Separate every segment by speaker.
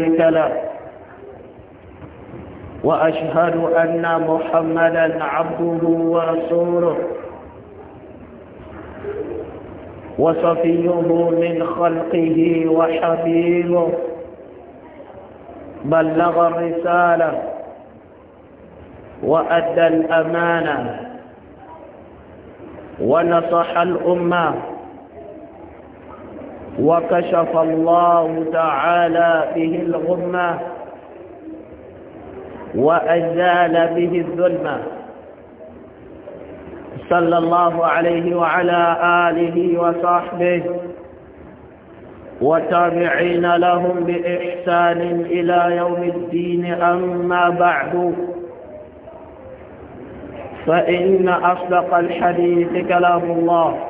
Speaker 1: شريك له وأشهد أن محمدا عبده ورسوله وصفيه من خلقه وحبيبه بلغ الرسالة وأدى الأمانة
Speaker 2: ونصح
Speaker 1: الأمة وكشف الله تعالى به الغمة وأزال به الظلمة صلى الله عليه وعلى آله وصحبه وتابعين لهم بإحسان إلى يوم الدين أما بعد فإن أصدق الحديث كلام الله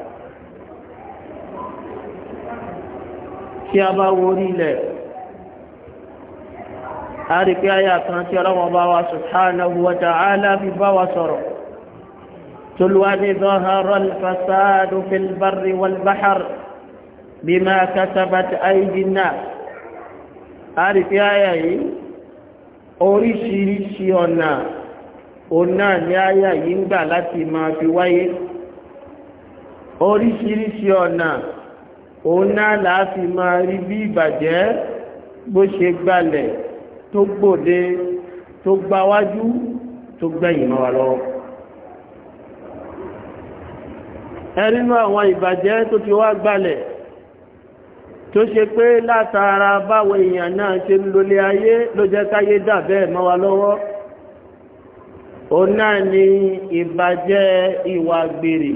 Speaker 1: tí a bá wo orílẹ̀ a rí pé ayà kan tí ọlọ́wọ́ bá wa subhanahu wa ta'ala fi bá wa sọ̀rọ̀ tolúwádé zahara alfasadu fil barri wal bahar bima kasabat aydin nas a rí pé ayà yìí oríṣiríṣi ọ̀nà ọ̀nà ní ayà yìí ń gbà láti máa fi wáyé oríṣiríṣi ọ̀nà òun náà láti máa rí bí ìbàjẹ́ bó ṣe gbalẹ̀ tó gbòde tó gbáwájú tó gbẹ̀yìn mọ́ wa lọ́wọ́ ẹrínú àwọn ìbàjẹ́ tó ti wá gbalẹ̀ tó ṣe pé látara báwọn èèyàn náà ṣe ń lólé ayé ló jẹ́ káyé dàbẹ́ mọ́ lọ́wọ́ òun náà ni ìbàjẹ́ ìwà gbèrè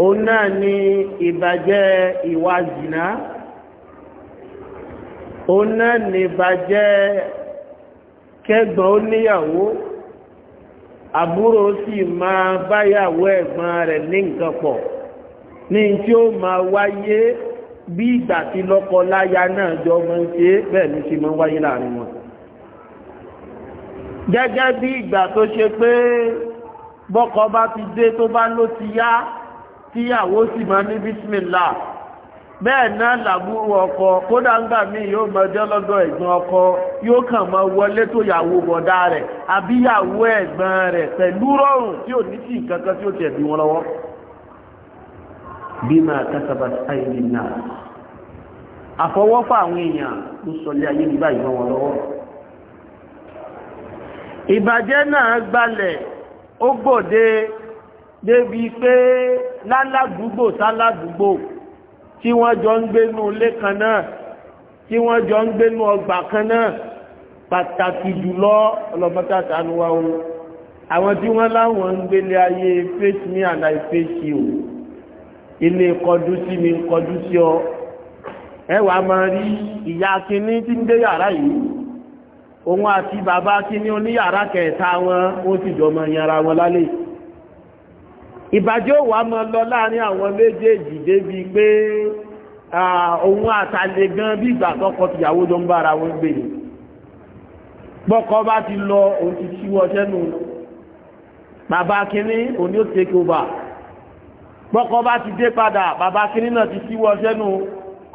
Speaker 1: òun náà ni ìbàjẹ́ ìwà zìnà òun náà ni ìbàjẹ́ kẹ́gbọ́n ó níyàwó àbúrò sì máa báyàwó ẹ̀gbọ́n rẹ̀ ní nǹkan pọ̀ ní tí ó máa wáyé bí ìgbà tí lọ́kọ láyá náà jọ máa ń ṣe bẹ́ẹ̀ ṣe wáyé láàrin wọn gẹ́gẹ́ bí ìgbà tó ṣe tíyàwó sì máa ní bísímìlá bẹ́ẹ̀ náà làbúrú ọkọ kódà ńgbà míì yóò máa jẹ́ lọ́dọ̀ ẹ̀gbọ́n ọkọ yóò kàn máa wọlé tó yàwó bọ̀dá rẹ̀ àbíyàwó ẹ̀gbọ́n rẹ̀ pẹ̀lú rọrùn tí ò ní sí tí ó bí wọn lọ́wọ́. bí máa kásábà náà àfọwọ́fà àwọn èèyàn ló débi pé láládùúgbò sáládùúgbò tí wọ́n jọ ń gbénú ilé kan náà tí wọ́n jọ ń gbénú ọgbà kan náà pàtàkì jùlọ ọlọ́mọta sànú o àwọn tí wọ́n láwọn ń gbélé ayé face me and I face you ilé kọjú sí mi kọjú sí ọ ẹ wàá máa rí ìyá kínní tí ń dé yàrá yìí òun àti bàbá kínní oníyàrá kẹta wọn ó sì jọ máa yanra wọn lálẹ́ yìí ìbàjẹ́ òwà mọ́ lọ láàrin àwọn méjèèjì débi pé òun àtàlè gan bí ìgbà tọ́kọ tìyàwó jọ ń bára wọn gbé ni bá ti lọ òun ti ṣíwọ́ sẹ́nu bàbá kínní òun ni ó take over bọ́kọ bá ti dé padà bàbá kínní náà ti ṣíwọ́ sẹ́nu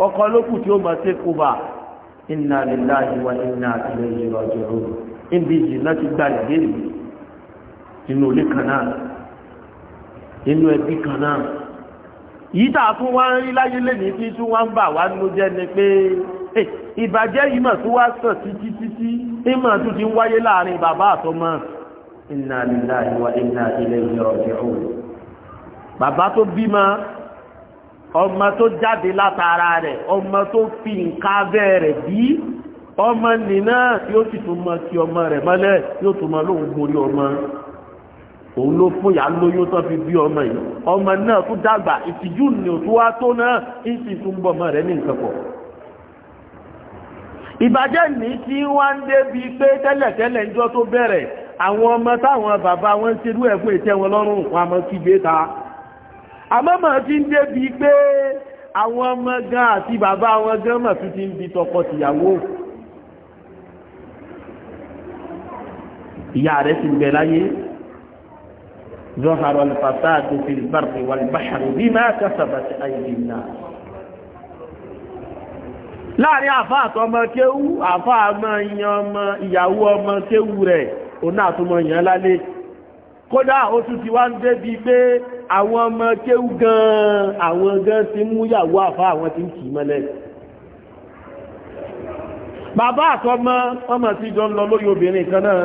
Speaker 1: ọkọ lókù tí ó mọ̀ take over inna lillahi wa inna ilayhi raji'un níbi ìjìnlá ti gbalẹ̀ dé ìlú inú ilé kan náà inú ẹbí kan náà yìí tà fún wa ń rí láyé lẹ́nìí tí tún wá ń bà wá ló jẹ́ ni pé ìbàjẹ́ yìí mà tún wá sàn títí títí ìmọ̀ tún ti ń wáyé láàrin bàbá àtọmọ inna lillahi wa inna ilayhi raji'un bàbá tó bímọ ọmọ tó jáde látara rẹ̀ ọmọ tó fi nǹkan abẹ́ rẹ̀ bí ọmọ nìna yóò sì tún mọ ti ọmọ rẹ̀ mọ́lẹ̀ yóò tún mọ lóun borí ọmọ òun ló fún ìyá lóyún tó fi bí ọmọ yìí ọmọ náà tún dàgbà ìtìjú ni ò tó wá tó náà ń sì tún bọ̀ ọmọ rẹ̀ ní nǹkan pọ̀ ìbàjẹ́ ní tí wọ́n ń débi pé tẹ́lẹ̀tẹ́lẹ̀ ìjọ tó bẹ̀rẹ̀ àwọn ọmọ táwọn bàbá wọn ṣe rú ẹ̀fún ìtẹ́ wọn lọ́rùn wọn mọ́ kí gbé ta àmọ́mọ̀ tí ń débi pé àwọn ọmọ gan àti bàbá wọn gan mọ̀ tún ti ń bi tọkọ tìyàwó ìyá rẹ̀ sì ń bẹ láyé ظهر الفساد في البر والبحر بما كسبت أيدي الناس láàrin àfáà tó ọmọ kéwú àfáà mọ́ ìyàn ọmọ ìyàwó ọmọ kéwú rẹ̀ o náà tó mọ́ ìyàn lálé kódà ó tún ti wá ń débi pé àwọn ọmọ kéwú gan àwọn gan ti mú ìyàwó àfáà wọn ti ń kì í mọ́lẹ̀ bàbá àtọmọ ọmọ tí jọ ń lọ lórí obìnrin kan náà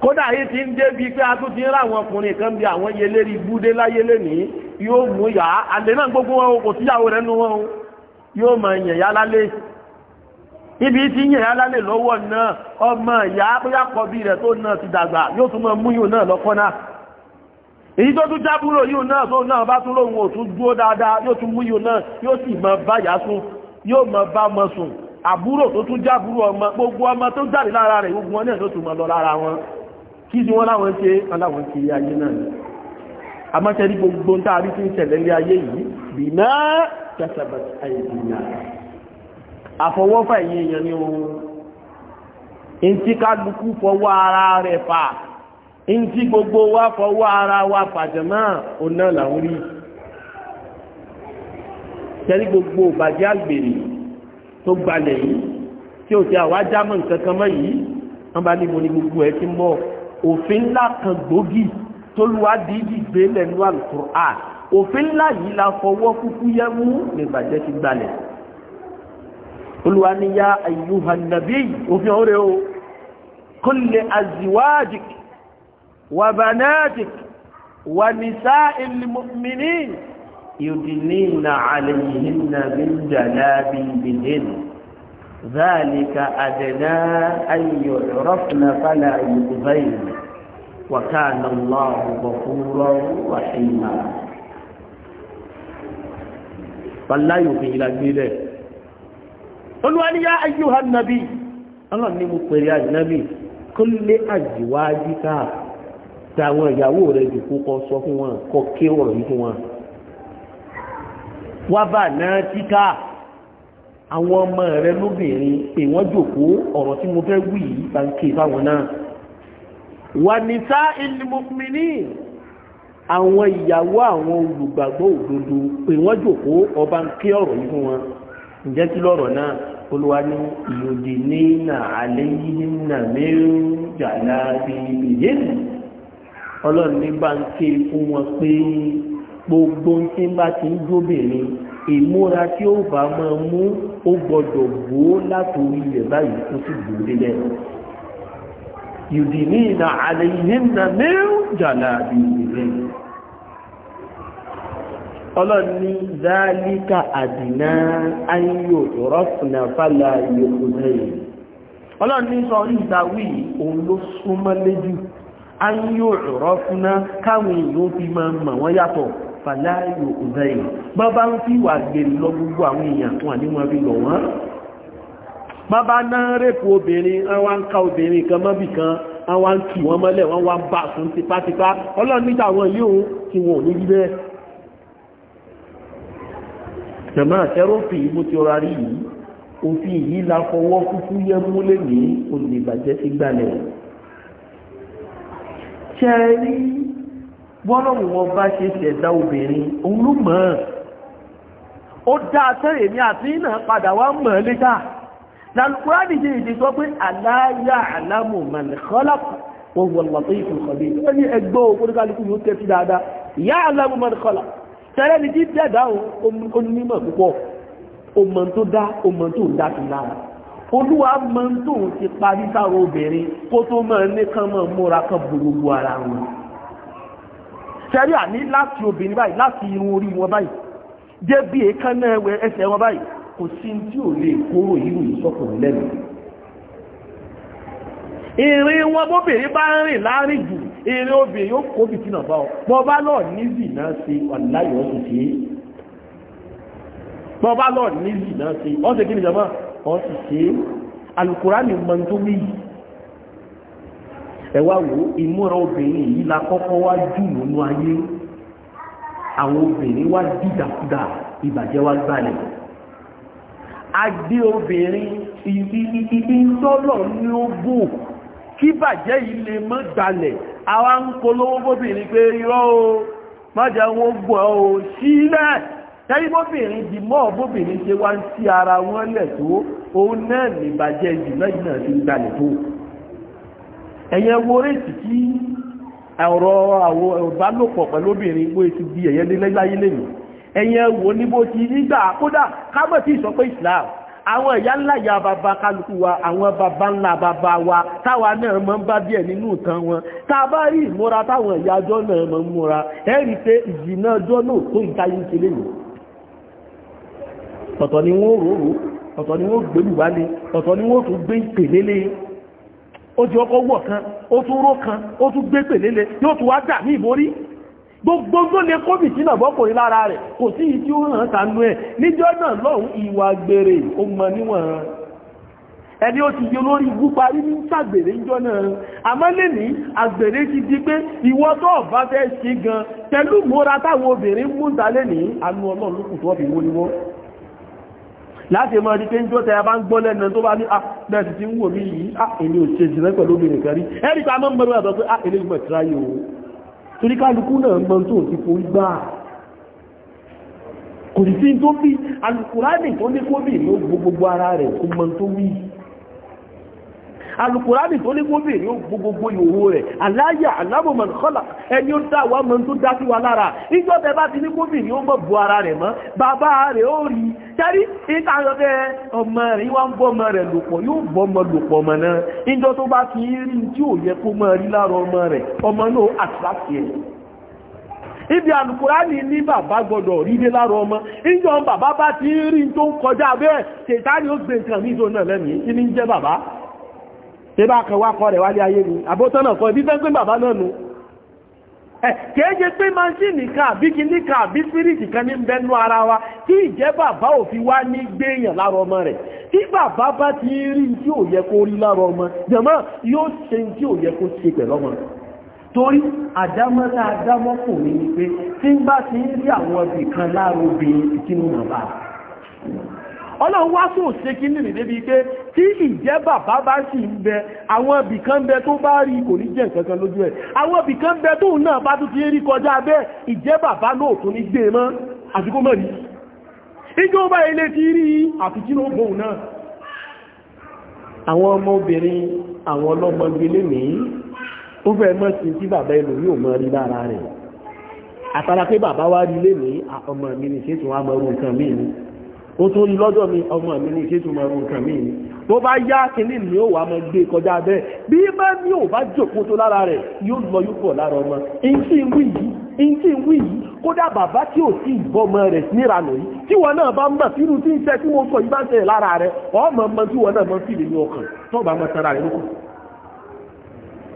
Speaker 1: kódà yìí ti ń débi pé a tún ti ń rà ọkùnrin kan bí àwọn yelérí búdé láyé lénìí yóò mú yà á náà gbogbo wọn o kò síyàwó rẹ̀ nú wọn o yóò ibi tí ìyẹn lálé lọ́wọ́ ọmọ ìyá bóyá kọbí rẹ̀ tó náà ti dàgbà yóò tún mọ mú yóò náà lọ́kọ́ náà èyí tó tún jábúrò yóò náà tó náà bá tún ò tún dúó dáadáa yóò tún mú yóò náà yóò sì mọ bá yá mọ bá mọ sùn àbúrò tó tún ọmọ gbogbo ọmọ tó jáde lára rẹ̀ gbogbo wọn náà kí ni wọ́n láwọn ṣe aláwọn ti ilé ayé náà ni a máa tẹ́rí gbogbo ń tàbí tí ń tẹ̀lẹ̀ ilé ayé yìí bí náà kẹsàbà àìdìyà àfọwọ́fà èyí èèyàn ni ohun in tí kálukú fọwọ́ ara rẹ̀ fà in tí gbogbo wa fọwọ́ ara wa fàjẹ̀mọ́ ọ̀nà làwọn rí tẹ́rí gbogbo bàjẹ́ àgbèrè tó gbalẹ̀ yìí tí ò ti àwájámọ̀ nǹkan kan mọ́ yìí wọ́n bá ní mo ní gbogbo ẹ̀ ti mọ́ ọ̀ òfin ńlá kan gbòógì tólúwa dídì gbé lẹ́nu àlùkùrán òfin ńlá yìí la fọwọ́ kúkú yẹ mú nígbàjẹ́ ti gbalẹ̀ olúwa ní yá ayyuhan nabi òfin ọ̀rẹ́ o kulli azwajik wa banatik wa nisa'il mu'minin يدنين عليهن من جلابيبهن ذلك أدنى أن يعرفن فلا يؤذين وكان الله غفورا رحيما فلا يوفي الى غيره قلوا يا ايها النبي الله ني مو pere النبي كل ازواجك tàwọn ìyàwó rẹ̀ jù kó kọ sọ fún wọn kọ ké ọ̀rọ̀ yìí fún wọn wá bà náà tíká àwọn ọmọ rẹ̀ lóbìnrin pè wọ́n jòkó ọ̀rọ̀ tí mo fẹ́ wí yìí bá ń ké fáwọn náà wà nìta ìlúmọ̀mìnì àwọn ìyàwó àwọn olùgbàgbọ́ òdodo pé wọ́n jókòó ọba ń kí ọ̀rọ̀ yìí fún wọn ǹjẹ́ kí lọ́rọ̀ náà olúwa ní ìlòdì ní nà alẹ́ yìí nà mẹ́rin jàlá bèbè ọlọ́run ní bá ń ké fún wọn pé gbogbo tí bá ti ń jóbìnrin ìmúra tí ó bá máa mú ó gbọdọ̀ bò látòrí rẹ̀ báyìí tó sì gbòó délẹ̀ yudinina alayhinna min jalabibihin ọlọ́ni dáálíkà àdínà ayò rọ́fùnà fàlà yòkùnrin ọlọ́ni sọ ìdáwí òun ló súnmọ́ léjù ayò rọ́fùnà káwọn èèyàn fi máa mọ̀ wọ́n yàtọ̀ fàlà yòkùnrin bọ́bá ń fi wà gbèrè lọ gbogbo àwọn èèyàn fún àdínwọ̀n fi bàbá náà rèpù obìnrin wọ́n wá ń ká obìnrin kan mọ́bì kan wọ́n wá ń kì wọ́n mọ́lẹ̀ wọ́n wá ń bà fún tipátipá ọlọ́run nígbà wọn yóò tí wọn ò ní gbígbẹ́ jẹ̀mọ́ àtẹ́rọ́fì mo ti ọ̀rọ̀ rí yìí òfin yìí la fọwọ́ kúkú yẹ múlẹ̀ ní olùdìbàjẹ́ ti gbalẹ̀ ṣẹ́rí bọ́lọ́wọ́ wọn bá ṣe ṣẹ̀dá obìnrin òun ló mọ̀ ó dáa tẹ́rẹ̀ ní àti padà wá mọ̀ ọ́ lálùkúránì ṣe ìṣe sọ pé aláyà àlámù mọ̀nìkọ́lá وهو اللطيف الخبير ẹni ẹgbọ́ oníkálukú yóò tẹ́ sí يعلم من خلق tẹ́lẹ̀ ní títí ẹ̀dá onímọ̀ púpọ̀ ọmọ tó dá ọmọ tó ń dá sí lára olúwa mọ tó ń ti parí sáwọn obìnrin kó tó mọ̀ ní kan mọ̀ múra kan gbogbo ara wọn tẹ́lẹ̀ àní láti obìnrin báyìí láti irun orí wọn báyìí jẹ́ bí èékánná ẹsẹ̀ wọn báyìí kò sí tí ò lè kóró ìlú ìsọ́kùnrin lẹ́nu ìrìn wọn bóbìnrin bá ń rìn láàrin jù ìrìn obìnrin yóò kó bìtì náà bá ọ bọ́ bá lọ nízì náà ṣe ọ̀láyọ̀ ọ̀sùn sí bọ́ bá lọ nízì náà ṣe ọ̀sẹ̀ kí ni jọba ọ̀sùn sí alukura ni mọ̀ tó mí yìí ẹ wá wo ìmúra obìnrin yìí la kọ́kọ́ wá jù nínú ayé àwọn obìnrin wá dìdàkudà ìbàjẹ́ wá gbalẹ̀ agbé obìnrin ìtọ́lọ̀ ní ó bò kí bàjẹ́ yìí lè mọ́ gbalẹ̀ àwa ń polówó bóbìnrin pé irọ́ o mọ́jẹ́ wọn gbọ́ o sílẹ̀ tẹ́rí bóbìnrin di mọ́ bóbìnrin ṣe wá ń sí ara wọn lẹ̀ tó òun náà ní bàjẹ́ ìjìnlẹ̀ ìjìnlẹ̀ ti ń gbalẹ̀ ẹ̀yìn ẹ̀wò níbo ti nígbà kódà kámọ̀ tí ìsọpé Islam àwọn ẹ̀yà ńlá ìyá bàbá kálukú wa àwọn bàbá ńlá bàbá wa táwa náà mọ́ ń bá díẹ̀ nínú ìtàn wọn tá a bá rí ìmúra táwọn ẹ̀yà ọjọ́ náà mọ́ ń múra pé ìjìnà ọjọ́ náà tó yìí ọ̀tọ̀ ni wọ́n kan ó tún kan ó tún gbé yóò tún gbogbo tó lè kó fìtínà bọ́kùnrin lára rẹ̀ kò sí ìdí ó hàn sánú ẹ̀ níjọ́ náà lọ́hùn ìwà gbèrè ó mọ níwọ̀n ẹni ó ti yọ lórí igú parí ní sàgbèrè ìjọ náà àmọ́ lè ní àgbèrè ti di pé ìwọ tó ọ̀bá fẹ́ ṣe gan pẹ̀lú mọ́ra táwọn obìnrin mú ìdálé ní àánú ọlọ́run lókùn tó ọ̀bìn wó ni wọ́n láti mọ́ rí pé ń jọ́ tẹ́ bá ń gbọ́ lẹ́nu tó bá ní àpẹẹsì ah, tí ń wò mí yìí àìlè òṣèṣì rẹ́ pẹ̀lú obìnrin kan rí ẹ́rí pa mọ́ mọ́rọ̀ àtọ́ pé àìlè ìgbẹ̀ tíráyò torí kálukú náà mọ́ tó ti forí gbá kò sí tó bí alùkùránì tó ní kó bí ló gbogbo ara rẹ̀ kó mọ́ tó wí alukurani tó ní gómìnà ó gbogbo ìhòòhò rẹ̀ aláyà alábòmọ̀n kọ́là ẹni ó dá wa mọ̀ tó dá sí wa lára ìjọ bẹ bá ti ní gómìnà ó mọ̀ bu ara rẹ̀ mọ́ bàbá rẹ̀ ó rí kẹ́rí ìtayọ̀dẹ ọmọ rẹ̀ wá ń bọ́ ọmọ rẹ̀ lòpọ̀ yóò bọ́ ọmọ lòpọ̀ ọmọ náà ìjọ tó bá ti rí tí ò yẹ kó mọ̀ rí lára ọmọ rẹ̀ ọmọ náà àtìláṣì ẹ̀ ibi alukurani ní bàbá gbọdọ̀ rídé lára ọmọ ìjọ bàbá bá ti rí tó ń kọjá bẹ́ẹ̀ ṣètáni ó gbé nǹkan ní ìjọ náà lẹ́mìí kí ní jẹ́ bàbá tẹ́bá kan wá kọ́ rẹ̀ wálé ayé ni àbótọ́nà kan ibi fẹ́ bàbá náà nù ẹ̀ kéèjé pé máṣínì kan àbí kìíní kan àbí spiriti kan ní bẹnu ara wa tí ìjẹ́ bàbá ò fi wá ní gbéyàn lára ọmọ rẹ̀ tí bàbá bá ti rí tí ò yẹ kó rí lára ọmọ jẹ̀mọ́ yóò ṣe tí ò yẹ kó ṣe pẹ̀lọ́mọ torí àdámọ́lá àdámọ́kùnrin ni pé tí ń bá ti rí àwọn ibì kan lára obìnrin tí mo ọlọ́run wá fún òṣèkí nìrì débi pé tí ìjẹ́ bàbá bá sì ń bẹ àwọn ibìkan bẹ tó bá rí kò ní jẹ́ nǹkan lójú ẹ̀ àwọn ibìkan bẹ tóun náà bá tún ti rí kọjá bẹ́ẹ̀ ìjẹ́ bàbá náà tó ní gbé e mọ́ àsìkò mọ́ rí ìjọba ilé ti rí àfikínú bòun náà àwọn ọmọbìnrin àwọn ọlọ́mọgbé lénìí ó fẹ́ mọ́ sí tí bàbá ẹlòmí ò mọ́ rí lára rẹ̀ àtàrà pé bàbá wá rí lénìí ọmọ mi ní ṣètò àmọ́rú nǹkan mí ni ó tún rí lọ́dọ̀ mi ọmọ mi ní kí tó máa rún nǹkan míì tó bá yá ni ó wà gbé kọjá bẹ́ẹ̀ bí bá ní ò bá jòkó tó lára rẹ̀ yóò lọ yóò pọ̀ lára ọmọ ìntí ń wí yìí ìntí ń wí yìí kódà bàbá tí ò sí ìbọmọ rẹ̀ níranù yìí tí wọn náà bá ń bà sínú tí ń ṣe tí mo sọ yìí bá ń lára wọn náà mọ ọkàn tó tara rẹ̀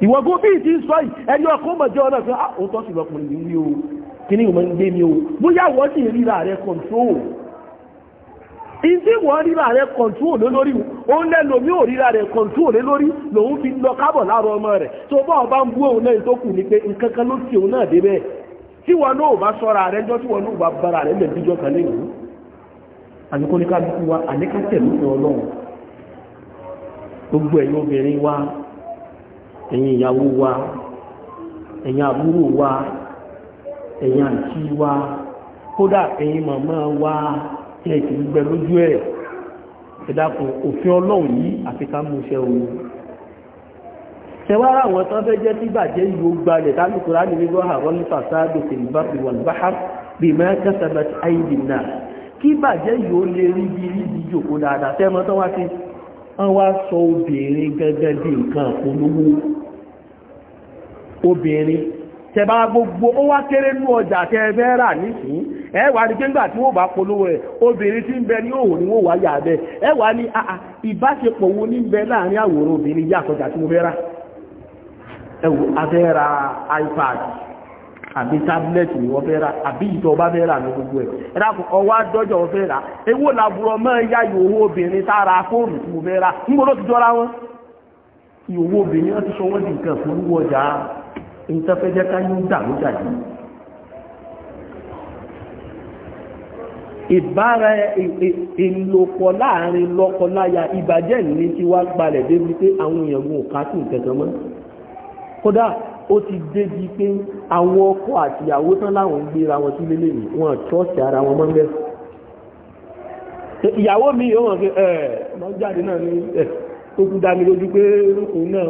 Speaker 1: bí ìdí sọ yìí ẹni ọkọ̀ mọ̀jọ́ náà o kí ni ìwọ̀n mi o bóyá wọ́n sì ríra rẹ̀ ìdí wọ́n ríra rẹ̀ kọ̀ntúrò lé lórí òun lẹ́nu omi ò ríra rẹ̀ kọ̀ntúrò lé lórí lòun fi lọ kábọ̀ láàrọ̀ ọmọ rẹ̀ tó bá ọba ń bú òun lẹ́yìn tó kù ní pé nǹkan kan ló ti òun náà débẹ̀ tí wọn náà bá sọ́ra rẹ̀ jọ tí wọn náà bá bára rẹ̀ lẹ́bíjọ́ kan lẹ́yìn àdúgbò ní kálukú wa àníkàtẹ̀ lóṣù ọlọ́run gbogbo ẹ̀yin obìnrin wa ẹ̀yin ìyàwó wa ẹ̀yin àbúrò wa ẹ̀yin àǹtí wa kódà ẹ̀yin màmá wa tí ẹ̀ ti gbẹ lójú ẹ̀ ẹ̀dàkùn òfin ọlọ́run yìí àti ká mú iṣẹ́ òun tẹwàá àwọn tán fẹ́ jẹ́ tí bàjẹ́ ìlú gbalẹ̀ tálùkùrá ní wíwọ́ àwọn ní fàṣádò fil barri wal bahr bima kasabat aydin nas kí bàjẹ́ ìlú lè rí bí rí bí jòkó dáadáa tẹ́mọ́ tán wá sí wọ́n wá sọ obìnrin tẹ̀bá gbogbo ó wá kéré ní ọjà tẹ́ẹ̀fẹ́ rà nísìn ẹwà ní gbẹ́ngbà tí wọ́n bá polówó rẹ̀ obìnrin tí ń bẹ ní ni wọ́n wá yà ẹwà ní àà ah, ah, ìbáṣepọ̀ wo bẹ láàrin àwòrán ni wọ́n fẹ́ rà àbí ìtọ́ bá fẹ́ rà ní gbogbo obìnrin tára fóònù tí mo fẹ́ rà ń gbọ́dọ̀ ti jọra wọn ìhòòhò obìnrin wọ́n ti sọ di nǹkan fún ìtafẹ́jẹ́ ká yóò dàrú jàdí ìbára ìlòpọ̀ láàrin lọ́kọláya ìbàjẹ́ ní tí wá gbalẹ̀ débi pé àwọn èèyàn gun òkátù kẹ̀kẹ́ mọ́ kódà ó ti débi pé àwọn ọkọ àtìyàwó tán láwọn ń gbéra wọn sí lélẹ̀ yìí wọn trọ́ọ̀sì ara wọn mọ́ mẹ́fù ìyàwó mi yóò wọ́n fi ẹ̀ lọ jáde náà ní ẹ̀ tó kú dá mi lójú pé òun náà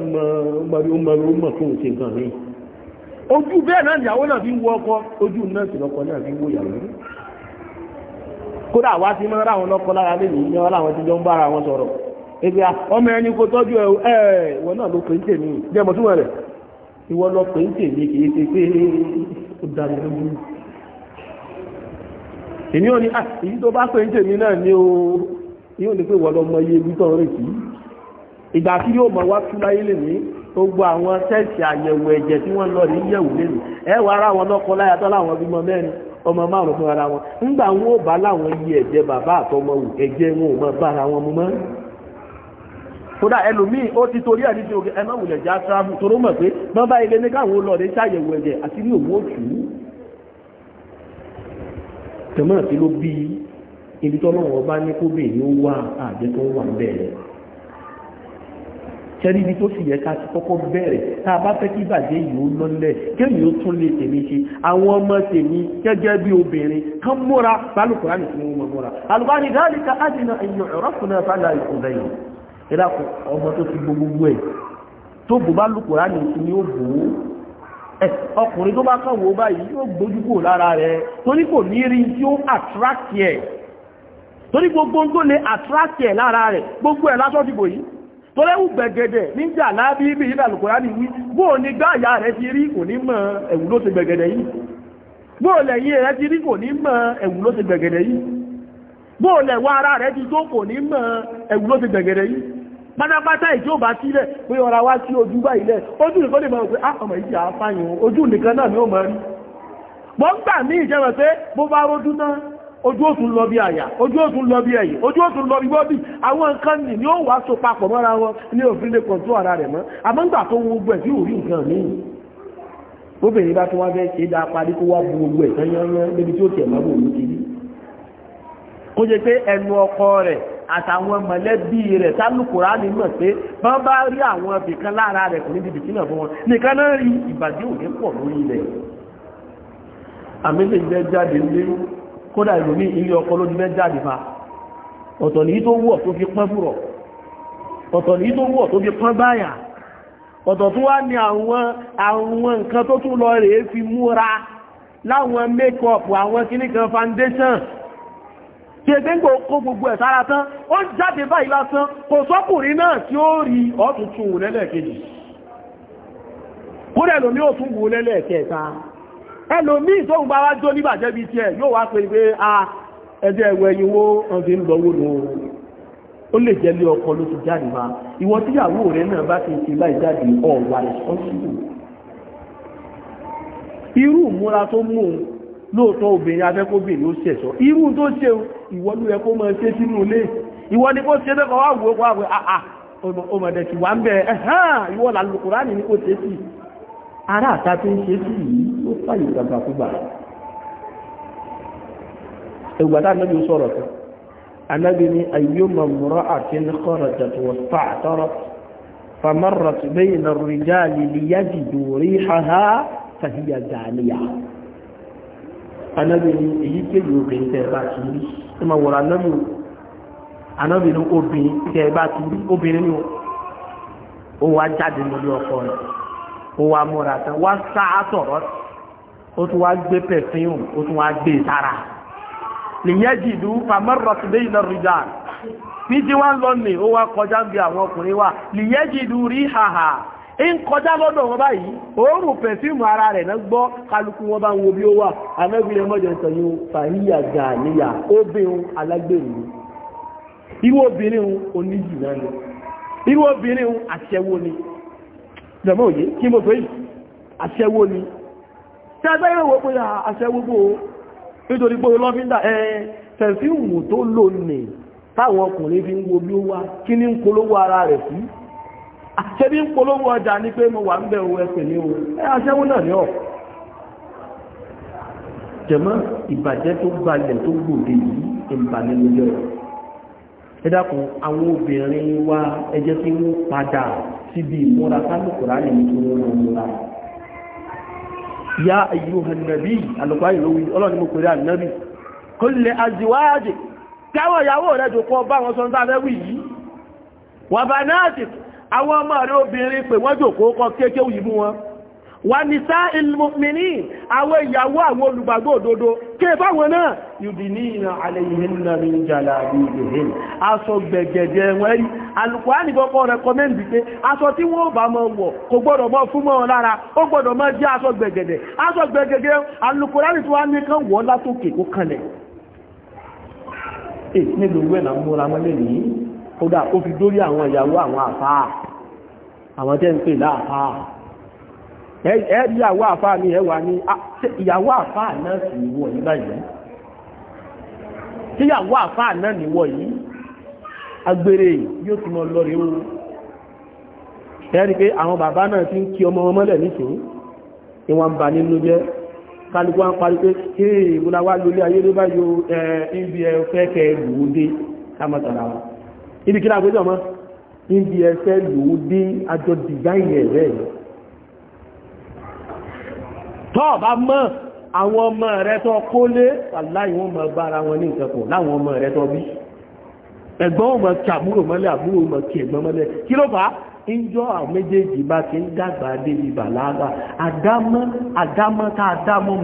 Speaker 1: mọ̀ ọmọ ọmọ tó ń ṣe nǹkan mìíràn ojú bẹ́ẹ̀ náà ìyàwó náà fi ń wọ ọkọ ojú náà sì lọ́kọ náà fi ń wọ ìyàwó kódà wá sí mọ́ra àwọn lọ́kọ lára lè ní yan láwọn tí jọ ń bára wọn sọ̀rọ̀ ebi ọmọ ẹni kò tọ́jú ẹ ìwọ náà ló pè ń tèmi jẹ́ mọ̀ túmọ̀ rẹ̀ ìwọ lọ pè ń tèmi kì í ṣe pé ó darí lójú èmi ò ní à èyí tó bá pè ń tèmi náà ni ó yóò ní pé ìwọ lọ mọ iye ibi tó ń rìn sí ìgbà tí yóò mọ wá tú láyé lè ní gbogbo àwọn tẹ́ẹ̀sì àyẹ̀wò ẹ̀jẹ̀ tí wọ́n lọ ní yẹ̀wò lẹ́nu ẹwà ara wọn lọ́kọ láya tó láwọn bímọ mẹ́rin ọmọ márùn fún ara wọn ńgbà wọn ò bá láwọn yí ẹ̀jẹ̀ bàbá àtọmọ wù ẹ̀jẹ̀ wọn ò mọ bá ara wọn mọ́. kódà ẹlòmíì ó ti torí ẹmọ wùlẹ̀ mọ̀ pé wọ́n bá ilé ní káwọn lọ ní sàyẹ̀wò ẹ̀jẹ̀ àti ibi bá ní ó tẹ́rí ibi tó sì yẹ ká ti kọ́kọ́ bẹ̀rẹ̀ tá a bá fẹ́ kí ìbàjẹ́ yìí ó lọ́lẹ̀ kéèyàn ó tún lè tèmi ṣe àwọn ọmọ tèmi gẹ́gẹ́ bí obìnrin kán múra bálùkùránì fún wọn múra alùpàdé dáríkà ádìnà èèyàn ọ̀rọ̀ fún náà ni ó bò ó ọkùnrin tó bá kọ̀wọ́ báyìí yóò gbójú kò lára rẹ̀ torí kò ní rí tí ó attract ẹ̀ torí gbogbo tó lè attract ẹ̀ lára rẹ̀ gbogbo ẹ̀ lásọ́ dìbò yìí tó lẹ́wù gbẹ̀gẹ̀dẹ̀ níjà lábí ibi ìlàlùkọ̀yá ni wí bóò ní gbáyà rẹ̀ ti rí kò ní mọ́ ẹ̀wù ló ti gbẹ̀gẹ̀dẹ̀ yìí bóò lẹ̀yìn rẹ̀ ti rí kò ní ẹ̀wù ti gbẹ̀gẹ̀dẹ̀ yìí lẹ̀wọ́ ara rẹ̀ ti tó kò ní mọ́ ẹ̀wù ló ti gbẹ̀gẹ̀dẹ̀ yìí pátápátá sílẹ̀ pé wá sí ojú báyìí lẹ̀ ojú nìkan ah, náà ni ó mọ̀ rí ojú òtún lọ bí àyà ojú òtún lọ bí ẹ̀yìn ojú òtún lọ bí bọ́bí àwọn nǹkan nì ni ó wà so papọ̀ mọ́ra wọn ní òfin lè kọ̀ntó ara rẹ̀ mọ́ àmọ́ nígbà tó wọ́n gbẹ̀ tí ò rí nǹkan míì obìnrin bá tún wá fẹ́ ṣe dáa parí kó wá bu gbogbo ẹ̀sán yánná níbi tí ó tẹ̀ mọ́bò ní kiri kó jẹ pé ẹnu ọkọ rẹ̀ àtàwọn mọ̀lẹ́bí rẹ̀ sálùkùrá ní mọ̀ pé bọ́n bá rí àwọn ibìkan lára rẹ̀ kò ní bìbì sínú fún wọn nìkan náà rí ìbàdí òní pọ̀ lórí rẹ̀ àmì lè jẹ́ jáde lé kódà ìlòmí ilé ọkọ ló ti fẹ́ jáde fa ọ̀tọ̀ ní tó wọ̀ tó fi pọ́n fúrọ̀ ọ̀tọ̀ ní tó wọ̀ tó fi pọ́n báyà ọ̀tọ̀ tó wá ní àwọn àwọn nǹkan tó tún lọ rèé fi múra láwọn makeup àwọn kíníkan foundation tí ẹgbẹ́ ń kó gbogbo ẹ̀ sára tán ó ń jáde báyìí lásán kò sọ́kùnrin náà tí ó rí ọ̀tún tún wò lẹ́lẹ́kejì kódà ìlòmí ò tún wò lẹ́lẹ́kẹta ẹlòmíì tó ń bá wá jó níbàjẹ́ bí tiẹ̀ yóò wá pé pé a ẹjẹ́ ẹwọ ẹyin wo ọ̀fẹ́ ń lọ́wọ́ lò ó lè jẹ́ lé ọkọ ló ti jáde wá ìwọ tíyàwó rẹ̀ náà bá ti ti láì jáde ọ̀wà responsible irú ìmúra tó mú lóòótọ́ obìnrin abẹ́kóbìnrin ó ṣẹ̀ṣọ́ irú tó ṣe ìwọ ló yẹ kó mọ ṣe sínú ilé ìwọ ni kó ṣe bẹ́ẹ̀ kọ́ wá wò ó kó wá wò ó ah, ah, ọmọdé ti wà ń bẹ ẹ̀hán ìwọ làlùkùránì ni kó ṣe sí i ará àta tó ń ṣe sí yìí ó fàyè gbàgbàkúgbà ìgbàdá anábì ó sọ̀rọ̀ tó anábì ní ayé mọ̀mọ́rọ́ àti nìkọ́rọ̀ jàdùwọ̀ fàtọ́rọ̀ fàmọ́rọ̀ tó bẹ́yìn na rìjá lìlíyà jìdù rí haha fàhíyà dàníyà anábì ní èyí kéjì obìnrin tẹ́ bá ti rí ẹ máa wọ̀rọ̀ anábì anábì ní obìnrin tẹ́ bá ti rí obìnrin ni ó wá jáde lórí ọkọ rẹ̀ ó wá múra tán wá sáà tọ̀rọ̀ ó tún wá gbé pẹ̀fíùm ó tún wá gbé sára nìyẹn jìdú pàmọ́rọ̀tì lé iná rìjà bí tí wọ́n lọ nì ó wá kọjá bí àwọn ọkùnrin wa nìyẹn jìdú rí hàhà ń kọjá lọ́dọ̀ wọn báyìí òórùn pẹ̀fíùmù ara rẹ̀ náà gbọ́ kálukú wọn bá ń wo bí ó wà amẹ́gbẹ̀rẹ̀ mọ́jọ ìtọ́jú fàyíyà gàníyà obìnrin alágbèrè irú obìnrin oníjì náà ni irú obìnrin aṣẹ́wó ni jọmọ́ òye kí mo fẹ́ àṣẹwó ni tẹ́gbẹ́ ìrọ̀wọ́ pé àṣẹwó bó nítorí pé olófíndà ẹ tẹ̀síwù tó lò nì táwọn ọkùnrin fi ń wo bí ó wá kí ní ń polówó ara rẹ̀ sí àṣẹ bí ń polówó ọjà ní pé mo wà ń bẹ̀rù ẹsẹ̀ ní o ẹ aṣẹ́wó náà ní ọ̀ jẹ̀mọ́ ìbàjẹ́ tó gbalẹ̀ tó gbòde yìí ìbànújẹ́ ẹ àwọn obìnrin wa ẹ jẹ́ kí wọ́n padà síbi ìmúra sálùkùrá lè ní ya ayyuhan hannabi alùpàá ìlówí ọlọ́ni mo pèrè ànábì kul li azwajik ìyàwó rẹ̀ jò kọ́ bá wọn sọ ń yìí wa àwọn ọmọ rẹ̀ obìnrin pè wọ́n kọ́ wà ní sá ilmọ̀mìnì àwọn ìyàwó àwọn olùgbàgbọ́ òdodo kí náà yìí ní ìrìn ní jàlá àbí aṣọ gbẹ̀gẹ̀dẹ̀ wọ́n rí alùkùnrin nìkọ́kọ́ rẹ̀kọ́mẹ́ndì pé aṣọ tí wọ́n bá mọ́ wọ̀ kò gbọ́dọ̀ mọ́ fún mọ́ lára ó gbọ́dọ̀ mọ́ jẹ́ aṣọ gbẹ̀gẹ̀dẹ̀ aṣọ gbẹ̀gẹ̀dẹ̀ ẹ̀rí ìyàwó àfáà ní ẹwà ah, ní ìyàwó àfáà náà sì wọ̀ yí báyìí tí ìyàwó àfáà náà níwọ̀ yìí agbèrè yóò ti mọ lọ rí o ẹ̀rí pé àwọn bàbá náà ti ń kí ọmọ wọn mọ́lẹ̀ nísìnyí ìwọ̀n ń bà nínú jẹ́ kálukú wọn parí pé kí ìwúlá wá lólé ayé ló bá yọ ẹ ibi ẹ fẹ́ kẹ lòó dé kámọ́tàrà wọn ibi kí lágbèjọ́ mọ́ ibi ẹ fẹ́ lòó dé àjọ dìgbà ìyẹn rẹ̀ yìí tọ́ bá mọ́ àwọn ọmọ rẹ̀ tọ́ kó lé aláì wọ́n mọ̀ bára wọn ní ìtẹ́kùn láwọn ọmọ rẹ̀ tọ́ bí ẹ̀gbọ́n mọ̀ kí àbúrò mọ́lẹ̀ àbúrò mọ̀ kí ẹ̀gbọ́n mọ́lẹ̀ kí ló fà á ìjọ àwọn méjèèjì bá ti ń dàgbà débi bàlágà àdámọ́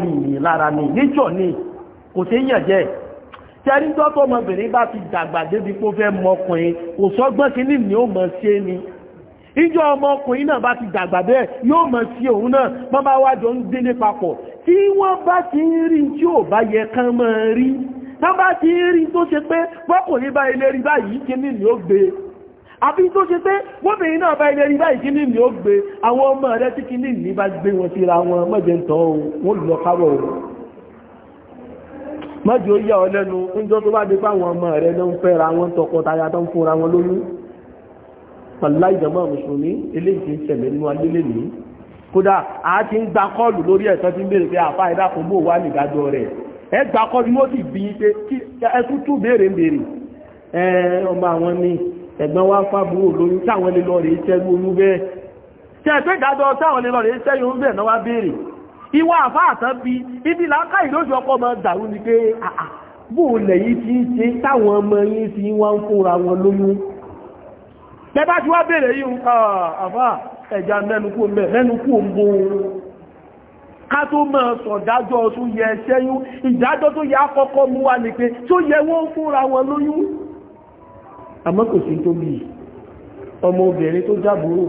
Speaker 1: ni níjọ́ ni kò sí yànjẹ́ tẹ́rí tọ́tọ́ ọmọbìnrin bá ti dàgbà débi pó fẹ́ mọkùnrin ni ìjọ ọmọkùnrin náà bá ti dàgbà bẹ́ẹ̀ yóò mọ̀ sí òun náà wọ́n bá wájọ ń délé papọ̀ tí wọ́n bá ti ń rí tí ò bá yẹ kán mọ́ rí tán bá ti ń rí tó ṣe pé wọ́kùnrin bá ilé rí báyìí kí ní ó gbé àbí tó ṣe pé wọ́bìnrin náà bá ilé rí báyìí kí ní ó gbé àwọn ọmọ rẹ̀ tí kí ní bá gbé wọn síra wọn mọ́jẹ̀ ń tọ́ wọn lọ kábọ̀ wọn mọ́jẹ̀ ó yà ọ lẹ́nu oúnjẹ tó bá dé pàwọn ọmọ rẹ̀ ló ń fẹ́ra wọn tọkọtaya tó ń fúnra wọn lóyún pàlá ìjọmọ́ mùsùlùmí eléyìí ti ń ṣẹlẹ̀ nínú alélè ní kódà a ti ń gba kọ́ọ̀lù lórí ẹ̀sán tí ń béèrè pé àfa ẹ̀dá kò mú òwà nìdájọ́ rẹ̀ ẹ gba kọ́ọ̀lù yóò sì bí pé ẹkú tún béèrè ń béèrè ẹ ọmọ àwọn ni ẹ̀gbọ́n wa fábúrò lóyún táwọn lè lọ rè é ṣẹ́gun oyún bẹ́ẹ̀ tí ẹ̀ pé ìdájọ́ táwọn lè lọ rè é ṣẹ́yún oyún bẹ́ẹ̀ náà wá béèrè ìwọ àfa àtàn bí ibi làákà ìlóṣù ọkọ ọmọ dàrú ni pé bóòlẹ̀ yìí ti ń ṣe táwọn ọmọ yìí ti wá ń fúnra wọn lóyún bẹ́bá ti wá bèèrè yìí ń ah, àfá ẹja mẹ́nukú mẹ́ mẹ́nukú mbó ká tó mọ́ sọ̀dájọ́ tó yẹ ṣẹ́yún ìdájọ́ tó yẹ akọ́kọ́ mú wa ní pé tó yẹ wọ́n fúnra wọn lóyún àmọ́ kò sí tó bí ọmọ obìnrin tó jábúrò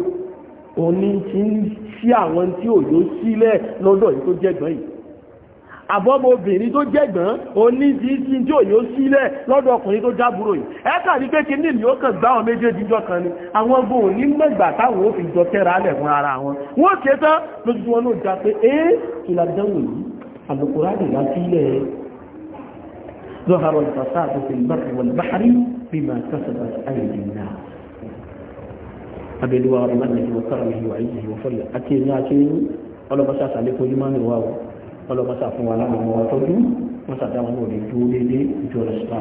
Speaker 1: òní ti ń sí àwọn tí òjò sílẹ̀ lọ́dọ̀ yìí tó jẹ́gbọ́n yìí àbọ́mọ obìnrin tó jẹ́gbọ́n oníṣìíṣì tí ò yóò sílẹ̀ lọ́dọ̀ ọkùnrin tó jábúrò yìí ẹ́kà rí pé kìíní ni ó kàn gbá àwọn méjèèjì jọ kan ni àwọn gbò ní mẹ́gbà táwọn ó fi jọ tẹ́ra alẹ̀ fún ara wọn wọ́n ṣe tán lójú wọn ló já pé é ìlàdánwò yìí àlùkùrá lè sílẹ̀ في البر والبحر بما كسبت أيدي الناس أبي دوار منه وكرمه وعزه وفضله أكيد لكن ọlọ́pàá ṣàṣàlékún ìmọ̀ ọlọ́mọ́sà fún wa láwọn ọmọ wa tọ́jú wọ́n sàdáwọn náà lè dúró déédéé ìjọ rẹ̀ sùpà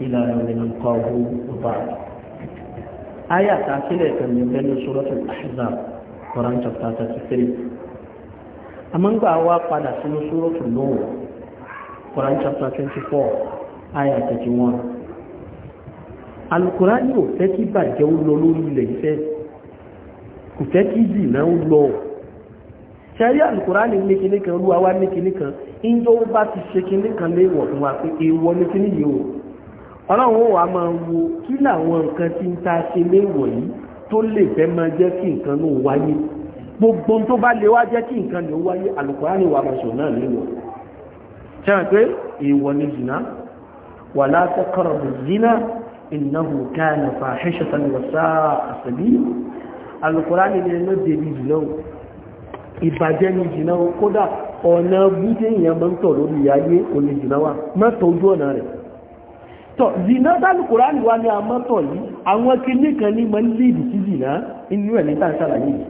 Speaker 1: إلى يوم نلقاه وبعد آية تعسلة من بين سورة الأحزاب Quran chapter 33 Among ba wa padà sínú suratul Nur Quran chapter 24 aya 31 Al-Qur'an yóò fẹ́ kí ilẹ̀ ìfẹ́ Al-Qur'an kan kan ti kan wa ọlọ́run ó wà máa wo kí làwọn nǹkan tí ń ta ṣe léwọ̀ yìí tó lè fẹ́ máa jẹ́ kí nǹkan náà wáyé gbogbo tó bá lè wá jẹ́ kí nǹkan lè wáyé Al-Qur'ani wà máa sọ náà léwọ̀ sẹ́wọ̀n pé èèwọ̀ ni zina wala taqrabu zina innahu kana fahishatan wa sa'a sabila Al-Qur'ani ni ẹnu débi zina o ìbàjẹ́ ni zina o kódà ọ̀nà bújẹ́ ìyẹn máa ń tọ̀ lórí ayé òní zina wa mẹ́tọ̀ ojú ọ̀nà rẹ̀ tọ̀ zina dálùkùrá nìwá ni a mọ́tọ̀ yìí àwọn kìíní kan ní mọ́ líìdì sí zina inú ẹ̀ níta ṣàlàyé yìí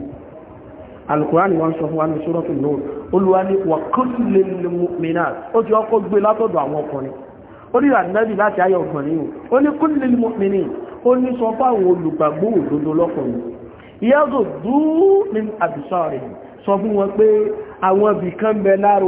Speaker 1: alùkùrá nìwá ń sọ fún wa ní sọ́rọ́fù náà olúwa ní wàkọ́lẹ̀ mọ́mìnà ó ti ọkọ̀ gbé látọ̀dọ̀ àwọn ọkùnrin ó ní ìrànlẹ́bì láti ayọ̀ ọkùnrin ó ní kúlẹ̀ mọ́mìnì ó ní sọ fáwọn olùgbàgbọ́ òdodo lọ́kùnrin ìyáàzò dúú ní àbìsọ́ sọ fún àwọn ibì kan bẹ lára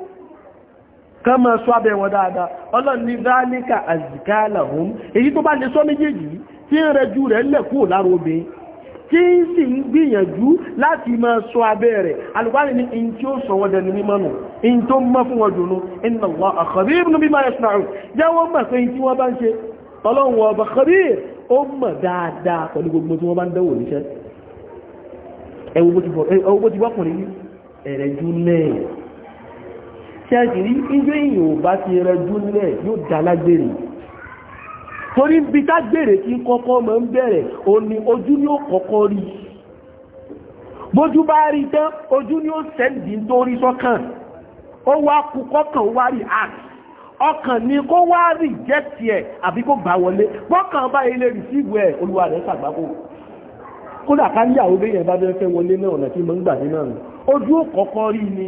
Speaker 1: kán máa sọ abẹ́ wọn dáadáa ọlọ́run ní dáníkà azka lahum èyí tó bá lè sọ méjèèjì tí ń rẹjú rẹ̀ lẹ̀kú lára obìnrin tí ń sì ń gbìyànjú láti máa sọ abẹ́ rẹ̀ alùpàdé ní in tí ó sọ wọ́n dẹni ní mọ́nù in tó mọ́ fún wọn dùnú tẹ́jìrí injú èyàn ò bá ti rẹjú nílẹ̀ yóò dá lágbèrè torí bí tágbèrè kí kọ́kọ́ mọ́ ń bẹ̀rẹ̀ o ni ojú ni ó kọ́kọ́ rí bójú bá rí tán ojú ni ó sẹ́ndì tó rí sọ́kàn ó wá kú kọ́kàn wá rí act ọkàn ni kó wá rí jẹ́tì ẹ̀ àbí kó bá wọlé bọ́kàn bá ilé rìsíìbù ẹ̀ olúwa rẹ̀ sàgbákò kódà ká níyàwó béèyàn bá fẹ́ wọlé náà ọ̀nà tí mo ń gbà nínú ojú ó kọ́kọ́ rí ni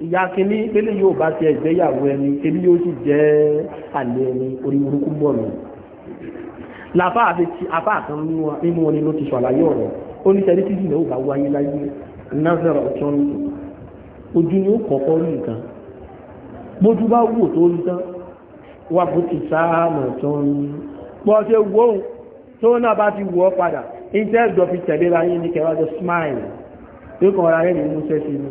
Speaker 1: ìyá kìíní pélé yóò bá tiẹ̀ jẹ́yàwó ẹni èmi yóò sì jẹ́ àlẹ́ ẹni orí burúkú bọ̀ mi làbá àti àbá kan nínú wọn ni ti ṣàlàyé ọ̀rọ̀ ó ní sẹ́ni títí náà ó bá wáyé láyé nazara ọ̀tún ojú ni ó kọ̀ọ̀kọ́ rí nǹkan bójú bá wò tó rí tán wà bó ti sáàmù ọ̀tún pọ̀ ṣe wò ó tó náà bá ti wò ó padà instead of tẹ̀lé ra yín ní kẹwàá jọ smile tó kàn ra rẹ̀ ní mú sẹ́sì ní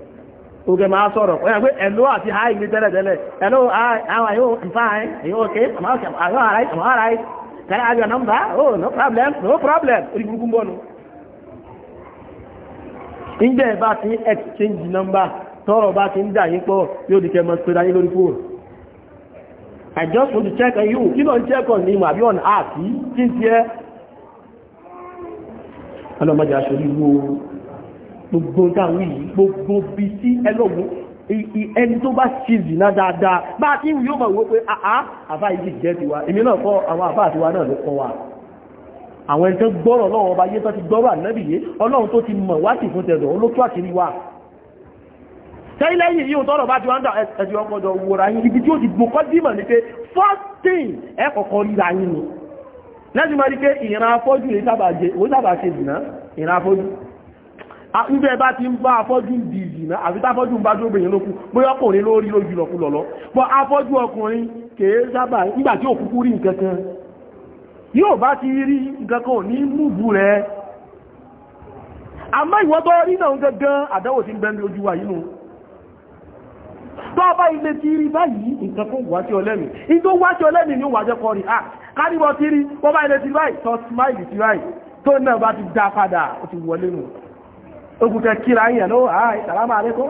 Speaker 1: oge máa sọ̀rọ̀ ó yẹ pé ẹ̀lú àti háì ní tẹ́lẹ̀tẹ́lẹ̀ ẹ̀lú àwọn yóò nfa ẹ̀ yóò ké àwọn ará àwọn ará can I have your number oh no problem no problem orí burúkú ń bọ̀ nù. ìjẹ́ bá number tọ́rọ̀ bá ti ń dà yín pọ̀ di I just want to check on you check on me on app gbogbo dáwọn yìí gbogbo bí sí ẹlọ́gbọ́n ẹni tó bá ṣe zìnà dáadáa bá tí ń yóò máa wó pé àá àbá ìdí jẹ́ tiwa èmi náà kọ́ àwọn àbá àtiwa náà ló kọ́ wa àwọn ẹni tó gbọ́rọ̀ lọ́wọ́ ọba yé tó ti gbọ́rọ̀ ànábì yé ọlọ́run tó ti mọ̀ wá sì fún tẹ̀dọ̀ olótú àṣírí wa sẹ́yìn lẹ́yìn yíò tọ́rọ̀ bá ti wá ń dà ẹ̀dì ọpọ̀dọ̀ wòrà yìí ibi tí ó ti gbòkọ́ dìmọ̀ ní pé first thing ẹ kọ́kọ́ ríra yìí ni lẹ́sìn máa rí pé ìran afọ́jú yìí sábà ṣe ìran afọ́jú ibẹ̀ bá ti ń bá afọ́jú dìzì náà àfi táfọ́jú ń bá tó bèèyàn lókú bóyá ọkùnrin ló rí lójú lọ́kú lọ́lọ́ bọ́ afọ́jú ọkùnrin kèé sábà nígbà tí òkúkú rí nǹkan kan yóò bá ti rí nǹkan kan ní múùbù rẹ̀ àmọ́ ìwọ tó rí náà gangan àdáwò tí ń ojú wa yínú tó ilé ti rí báyìí nǹkan kan wá sí ọlẹ́mì ní wá sí ọlẹ́mì ní wàjẹ́ kọ rí à káríbọ̀ ti rí bọ́ bá ilé ti rí báyìí tó smile ti rí báyìí tó náà bá ti dá padà ó ti wọlé nù ogunkẹ kíra yìí ẹ̀lọ́ sàlámà alékún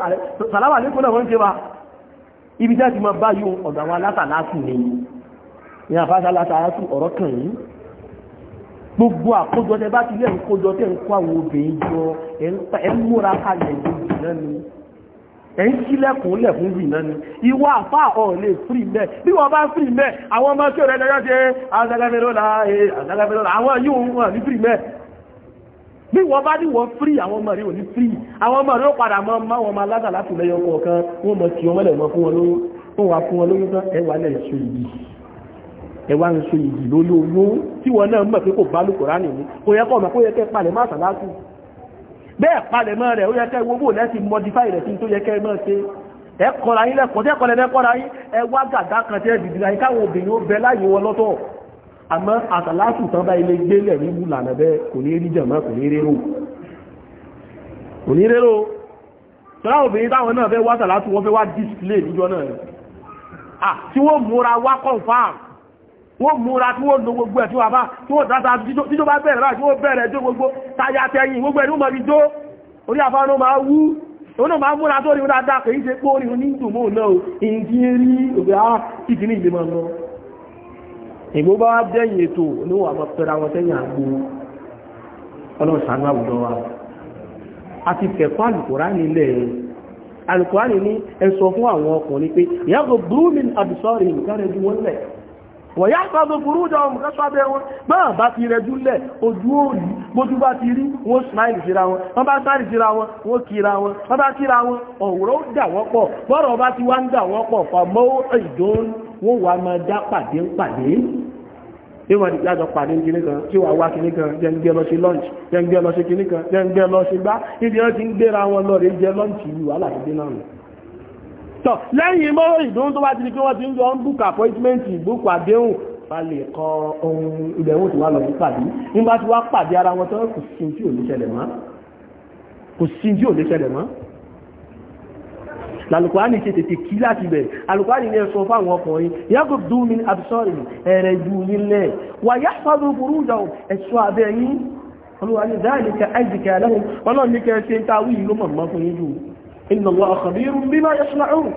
Speaker 1: náà wọ́n ṣe wa ibi jẹ́ ti mọ báyìí ọ̀dọ̀ àwọn alátàlátù ni ní àfáàṣà alátàlátù ọ̀rọ̀ kàn yìí gbogbo ni ẹ ń sílẹ̀kùn lẹ̀ fún rì náà ni ìwọ àfá ọ̀ lè fìrì mẹ́ bí wọ́n bá fìrì mẹ́ àwọn ọmọ tí ò rẹ̀ lọ́jọ́ ṣe àzàgàmẹ́lọ́lá eh, àwọn yóò wọ́n ní fìrì mẹ́ bí wọ́n bá ní wọ́n fírí àwọn ọmọ rẹ̀ ò ní fírí àwọn ọmọ rẹ̀ ó padà mọ́ má wọn máa ládà láti lẹ́yọ kọ̀ọ̀kan wọ́n mọ̀ tí ọmọ lẹ́wọ̀n fún wọn lówó wọ́n wá fún wọn lówó tán ẹwà lẹ̀ ṣe ìdí ẹwà ń ṣe ìdí lórí owó tí wọn náà mọ̀ pé kò bá Al-Kùránì ní kò yẹ kọ́ ọmọ kó yẹ kẹ́ palẹ̀ má sàlátù bẹ́ẹ̀ palẹ̀ mọ́ rẹ̀ ó yẹ kẹ́ owó lẹ́sì modify rẹ̀ sí tó yẹ kẹ́ mọ́ ṣe ẹ kọ́ra yín lẹ́kọ̀ọ́ tẹ́kọ̀ọ́ lẹ́kọ́ra yín ẹ wá gàdá kan tẹ́ àmọ́ àtàlátù tán bá ilé gbélẹ̀ rí wù lànà bẹ́ẹ̀ kò ní rí jẹ̀mọ́ kò ní rérò kò ní rérò tọ́lá obìnrin táwọn náà fẹ́ wá àtàlátù wọ́n fẹ́ wá display níjọ́ náà ah tí wọ́n múra wá confam wọ́n múra tí wọ́n lo gbogbo ẹ̀ tí wọ́n bá tí wọ́n dáta jíjó bá bẹ̀rẹ̀ báyìí tí wọ́n bẹ̀rẹ̀ jó gbogbo táyà tẹ́yìn gbogbo ẹ̀rú mọ̀bí jó orí àfáànà máa wú òun máa múra tó rí dáadáa kìí ṣe pé orí onídùnmọ́ náà èyí ìgbó bá wá dẹ́yìn ètò níwọ̀n àmọ́ pẹ̀lú àwọn tẹ́yìn àgbo ọlọ́sàn àwùjọ wa a ti fẹ̀kọ́ alùkùránì ilẹ̀ alùkùránì ní ẹsọ fún àwọn ọkùnrin pé ìyàgò brúmin àbùsọ́rì nǹkan rẹ̀ ju wọn lẹ̀ wọ̀nyá kọ́dọ̀ burú jọ ọmọ kẹsọ́ abẹ́ wọn báà bá ti rẹjú lẹ̀ ojú òòlù bójú bá ti rí wọ́n smile síra wọn wọ́n bá sáré síra wọn wọ́n kíra wọn wọ́n bá kíra wọn ọ̀wọ́rọ̀ dà wọ́n pọ̀ bá ti wá ń dà wọ́n pọ̀ fàmọ́ wọ́n wà máa dá pàdé ń pàdé ìwọ̀n ìdájọ́ pàdé ní kìníkan tí wà wá kìníkan jẹ́ ń lọ sí lunch jẹ́ ń gbé lọ sí kìníkan jẹ́ ń gbé lọ sí gbá ibi wọ́n ti ń gbéra wọn lọ rí jẹ́ lunch yìí wà náà tọ́ lẹ́yìn mọ́rọ̀ ìdún tó bá ti di pé wọ́n ti ń lọ ń book appointment ìbúkù àdéhùn bá lè kọ ohun ìbẹ̀wò tí wà lọ sí pàdé nígbà tí wọ́n pàdé ara wọn tán kò sí tí ò lálùkùránì ṣe tètè kí láti bẹ̀ alùkùránì ní ẹ̀sọ́ fáwọn ọkùnrin yàgò dúmi absọ́rì ẹ̀rẹ̀ jù nílẹ̀ wà yá fọ́dọ̀ burú jọ ẹ̀ṣọ́ abẹ́ yín olúwa ní dáìlìkà àìjìkà lẹ́hùn ọlọ́run ní kẹ́ ṣe ń ta wí ló mọ̀mọ́ fún yín jù inna Allaha khabirun bima yasna'un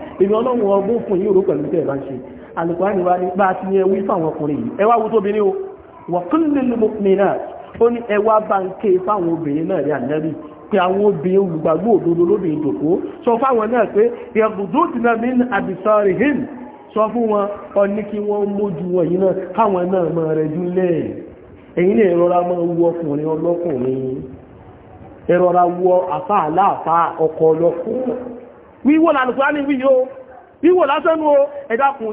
Speaker 1: ó ní ẹ bá ń ké fáwọn obìnrin náà rí ànábì pé àwọn obìnrin olùgbàgbọ́ òdodo lóbìnrin dòkó sọ fáwọn náà pé ìyàgùdó ti náà mi ní àbìsọ̀rì hìn sọ fún wọn ó ní kí wọ́n mójú wọn yìí náà káwọn náà máa rẹ̀ júlẹ̀ ẹ̀yin lè rọra máa wú ọkùnrin ọlọ́kùnrin ẹ rọra wọ àfà aláàfà ọkọ ọlọ́kùnrin wíwọ́ làlùfáà ní wíyó wíwò lásánú ẹ dákun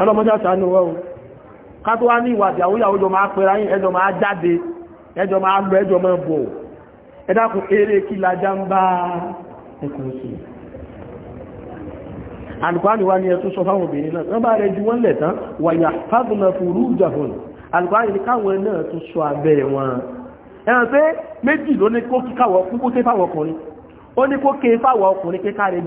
Speaker 1: ọlọ́mọjá sàánú wọ́n ká tó wá ní ìwàdí àwóyàwó jọ máa pẹ̀rẹ̀ ayé ẹjọ máa jáde ẹjọ máa lọ ẹjọ máa bọ̀ ẹdákùn eré kí lajá ń bá ẹkùn sí alùkwáàlù wá ní ẹ̀tún sọ fáwọn obìnrin náà wọ́n bá rẹ̀ ju wọ́n lẹ̀ tán wàyà fábùnà fúrú jàfún alùkwáàlù ní káwọn náà tún sọ abẹ́ wọn ẹ̀ràn pé méjì ló ní kó kíkàwọ̀ kúkú tẹ́ fáwọn ọkùnrin ó ní kó ké fáwọn ọkùnrin kékàrẹ̀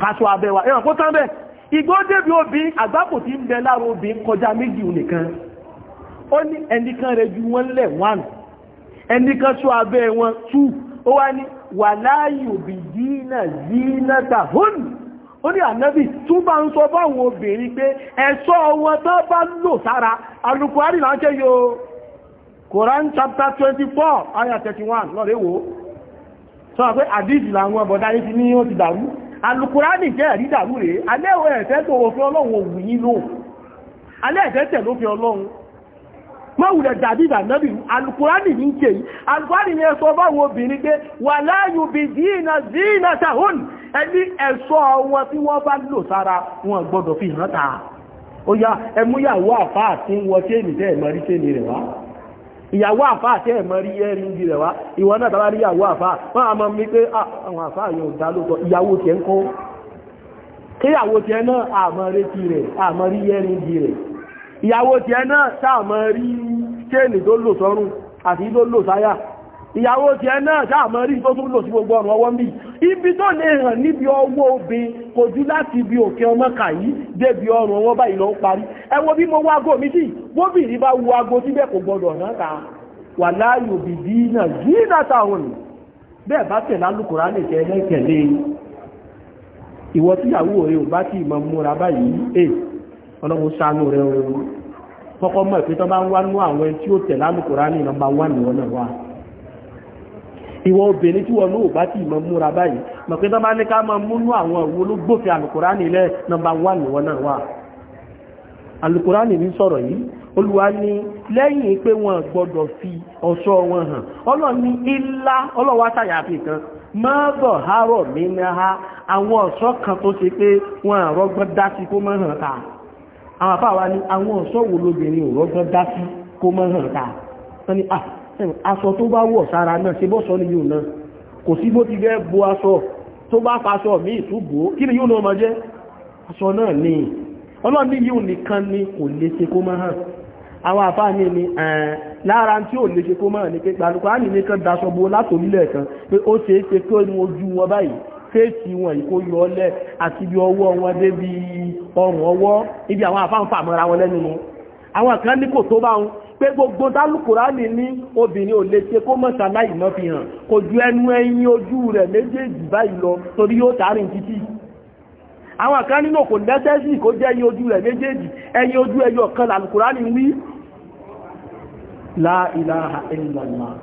Speaker 1: káṣọ abẹ́ wa kó tán bẹ́ẹ̀ débi obìnrin àgbákò tí ń bẹ lára obìnrin kọjá méjì nìkan ó ní ẹnìkan ju wọ́n lẹ̀ wọ́n ẹnìkan ṣọ́ abẹ́ wọn two ó wá ní wà láàyè òbí dínà zínàtà hún ó ní ànábì tún bá ń sọ obìnrin pé ẹ̀ṣọ́ wọn tó bá lò sára chapter ayah sọ pé làwọn ọbọ̀dá yìí ti ní ó ti dàrú alukurani jẹ́ ẹ̀rí dàrú rèé alẹ́wọ̀ ẹ̀fẹ́ tó òfin ọlọ́run òwú yí lò alẹ́ẹ̀fẹ́ tẹ̀ lófin ọlọ́run mọ́wùlẹ̀ dàbí ìbànẹ́bì alukurani ní ṣe alukurani ní ẹ̀sọ́ báwọn obìnrin pé wà láàyò bí dínà dínà tàhún ẹni ẹ̀sọ́ wọn tí wọ́n bá lò sára wọn gbọ́dọ̀ fi hàn ta ó yá ẹmúyàwó àfáà tí ń wọ ṣéènì tẹ́ ẹ̀mọ́rí ṣéènì rẹ̀ wá ìyàwó àfá àti ẹ̀mọ́ rí ẹ́rin ibi rẹ̀ wá ìwọ náà tàbí ìyàwó àfá wọ́n a mọ́ mi pé ah, àwọn àfá yóò dá lóòtọ́ ìyàwó tiẹ̀ ń kọ́ kíyàwó tiẹ̀ náà àmọ́ rétí rẹ̀ àmọ́ rí ẹ́rin ibi rẹ̀ ìyàwó tiẹ̀ náà sáàmọ́ rí kéèlì tó lò sọ́rùn àti tó lò sáyà ìyàwó ti ẹ náà mọ̀ rí tó tún lò sí gbogbo ọ̀rọ̀ ọwọ́ mí ibi tó lè hàn níbi ọwọ́ obìn kò jú láti ibi òkè ọmọ kàyí débi ọrùn ọwọ́ báyìí lọ ń parí ẹwọ́ bí mo wá mi sí bá wo aago kò gbọdọ̀ náà wà láàyò bìbí náà yí náta òní bẹ́ẹ̀ bá tẹ̀lá lùkùrá lè tẹ ẹlẹ́kẹ̀lé ìwọ tíyàwó rẹ ò bá tí ì múra báyìí eh, rẹ kọ́kọ́ mọ̀ bá ń wá nú ìwọ obìnrin tí wọn ní òbá tí ìmọ̀ múra báyìí mọ̀ pé tọ́ba ní ká máa múnú àwọn òwò ológbòfin alukurani lẹ́ nọmba wà nìwọ náà wà alukurani ní sọ̀rọ̀ yìí olùwà ní lẹ́yìn pé wọ́n gbọ́dọ̀ fi ọ̀ṣọ́ wọn hàn ọlọ́ni ilá ọlọ́wà sàyàfi kan mọ́bọ̀ harọ̀ mi ní ha àwọn ọ̀ṣọ́ kan tó ṣe pé wọ́n rọ́gbọ́n dá sí kó mọ́ hàn ta àwọn àfáà wa ní àwọn ọ̀ṣọ́ wo lóbìnrin ò dá sí kó mọ́ hàn ta wọ́n ni ah aṣọ tó bá wọ̀ sára náà ṣe bọ́sọ ni yóò náà kò sí bó ti gẹ́ bo aṣọ tó bá faṣọ mi ìtúbò kí ni yóò náà máa jẹ́ aṣọ náà ni ọlọ́ni yóò nìkan ni kò lè ṣe kó máa hàn àwọn àfáàní ni lára tí ò lè ṣe kó máa ní pé gbàlùkọ́ á nìyẹn kan daṣọ bo látòlílẹ̀ kan pé ó ṣe é ṣe kí ó ní ojú wọn báyìí fèsì wọn yìí kó yọ ọlẹ àti ibi ọwọ́ wọn débi ọrùn ọwọ́ ibi àwọn àfáàǹfà mọ́ra wọn lẹ́nu wọn àwọn kan ní kò tó bá wọn pé gbogbo dálùkùránì ní obìnrin ò lè ṣe kó mọ̀ ṣàláì mọ́ fi hàn kò ju ẹnu ẹyin ojú rẹ̀ méjèèjì báyìí lọ torí yóò tààrin títí àwọn kan nínú kò lẹ́sẹ̀sì kó jẹ́ ẹyin ojú rẹ̀ méjèèjì ẹyin ojú ẹyọ kan lálùkùránì wí la ilaha illallah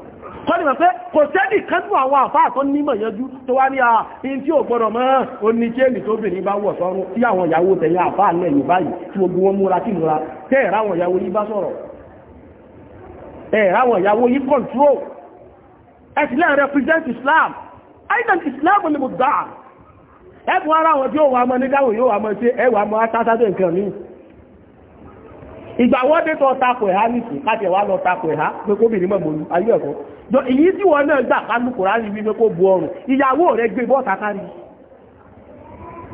Speaker 1: kọ́nìmọ̀ pé kò sẹ́nì kan tún àwọn àfáà tó nímọ̀ yanjú tó wá ní a in tí ò gbọ́dọ̀ mọ́ oníṣẹ́lì tó bìnrin bá wọ̀ sọ́run tí àwọn ìyàwó tẹ̀yìn àfáà lẹ́yìn báyìí tí gbogbo wọn múra kí múra tẹ́ẹ̀ráwọn ìyàwó yí bá sọ̀rọ̀ ẹ̀ráwọ̀ ìyàwó yí control ẹ̀sìlẹ̀ represent Islam island Islam ni mo dá ẹ̀kùn ara wọn tí ó wà mọ́ nígbàwò yóò wà mọ́ sí ẹwà mọ́ sátátẹ́ nǹkan ní ìgbàwọ́dé tó tako ẹ̀há nìsí káti ẹ̀wà lọ tako ẹ̀há pé kó bìnrin ayé ẹ̀kọ́ bu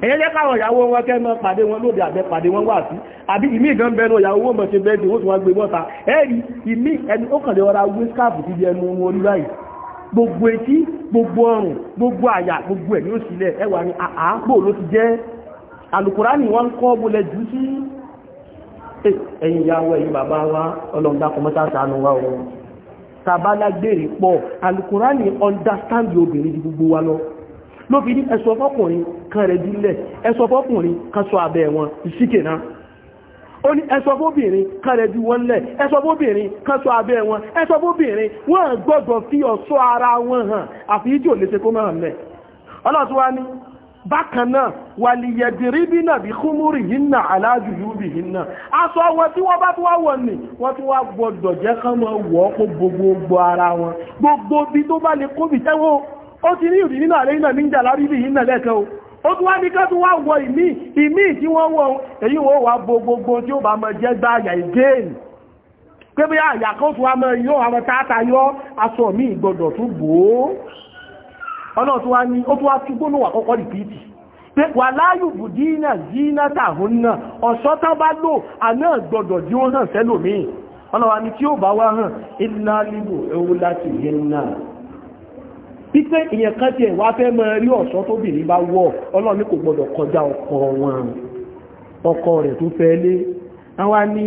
Speaker 1: ẹ̀yẹ́ jẹ́ káwọn ìyàwó wọn kẹ́ pàdé wọn lóde àbẹ́ pàdé wọn wà sí àbí ìmí ìgan bẹnu ìyàwó wọn mọ̀ ṣe bẹ́ẹ̀dì wọ́n ti wọ́n gbé mọ́ta ẹ̀rí ìmí ẹni ó kànlẹ̀ ọ̀rá wé ti di ẹnu wọn orí báyìí gbogbo etí gbogbo ọrùn gbogbo àyà gbogbo ẹwà ni àápò ló ti jẹ́ kọ́ ló fi ní ẹ̀sọ́ fọ́kùnrin kan rẹ̀ jùlẹ̀ ẹ̀sọ́ fọ́kùnrin kan sọ abẹ́ wọn ìsíkè náà ó ní ẹ̀sọ́ fóbìnrin kan rẹ̀ ju wọn lẹ̀ ẹ̀sọ́ fóbìnrin kan sọ abẹ́ wọn ẹ̀sọ́ fóbìnrin wọ́n gbọ́dọ̀ fi ọ̀ṣọ́ ara wọn hàn àfi ìjò léṣe kó máa mẹ́ ọlọ́túnwá ní bákan náà wàlìyẹ̀dìríbí náà bí kúmúrì yìí náà aláàjù yìí bí yìí náà aṣọ wọn tí wọ́n bá tún wá wọ̀ ó ti ní ìrìn nínú àlẹ́ iná níjà lárí ibi iná o ó tún wá ní ká tún wá wọ ìmí ìmí tí wọ́n wọ èyí wọ́n wà gbogbo tí ó bá mọ jẹ́ gbá àyà pé bí àyà kan tún wá mọ àwọn aṣọ mi ìgbọdọ̀ tún bò ó ọlọ́run wá ní ó tún wá tún gbónú wà kọ́kọ́ pé wà láyù bùdínà náà ọ̀ṣọ́ tán bá lò àná hàn tí pípé ìyẹn kan tiẹ̀ wá fẹ́ máa rí ọ̀ṣọ́ ní bá wọ̀ ọlọ́run gbọdọ̀ kọjá ọkọ wọn ọkọ rẹ̀ tó fẹ́ lé àwọn ni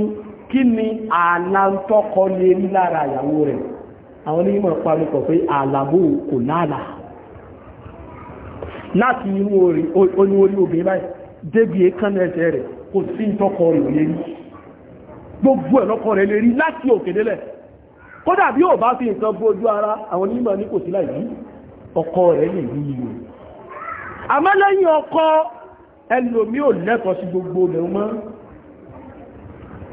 Speaker 1: kí ni àlàntọ́kọ lè rí lára ìyàwó rẹ̀ àwọn onímọ̀ panupọ̀ pé àlàbò kò láàlà láti inú obìnrin báyìí débi ẹsẹ̀ rẹ̀ kò sí ìtọ́kọ rẹ̀ lè rí gbogbo ẹ̀ lọ́kọ rẹ̀ lè rí láti òkèdélẹ̀ kódà bí ò bá fi nǹkan bójú ọkọ rẹ̀ lè rí ìwò àmọ́ lẹ́yìn ọkọ ẹlòmí ò lẹ́kọ̀ọ́ sí gbogbo rẹ̀ mọ́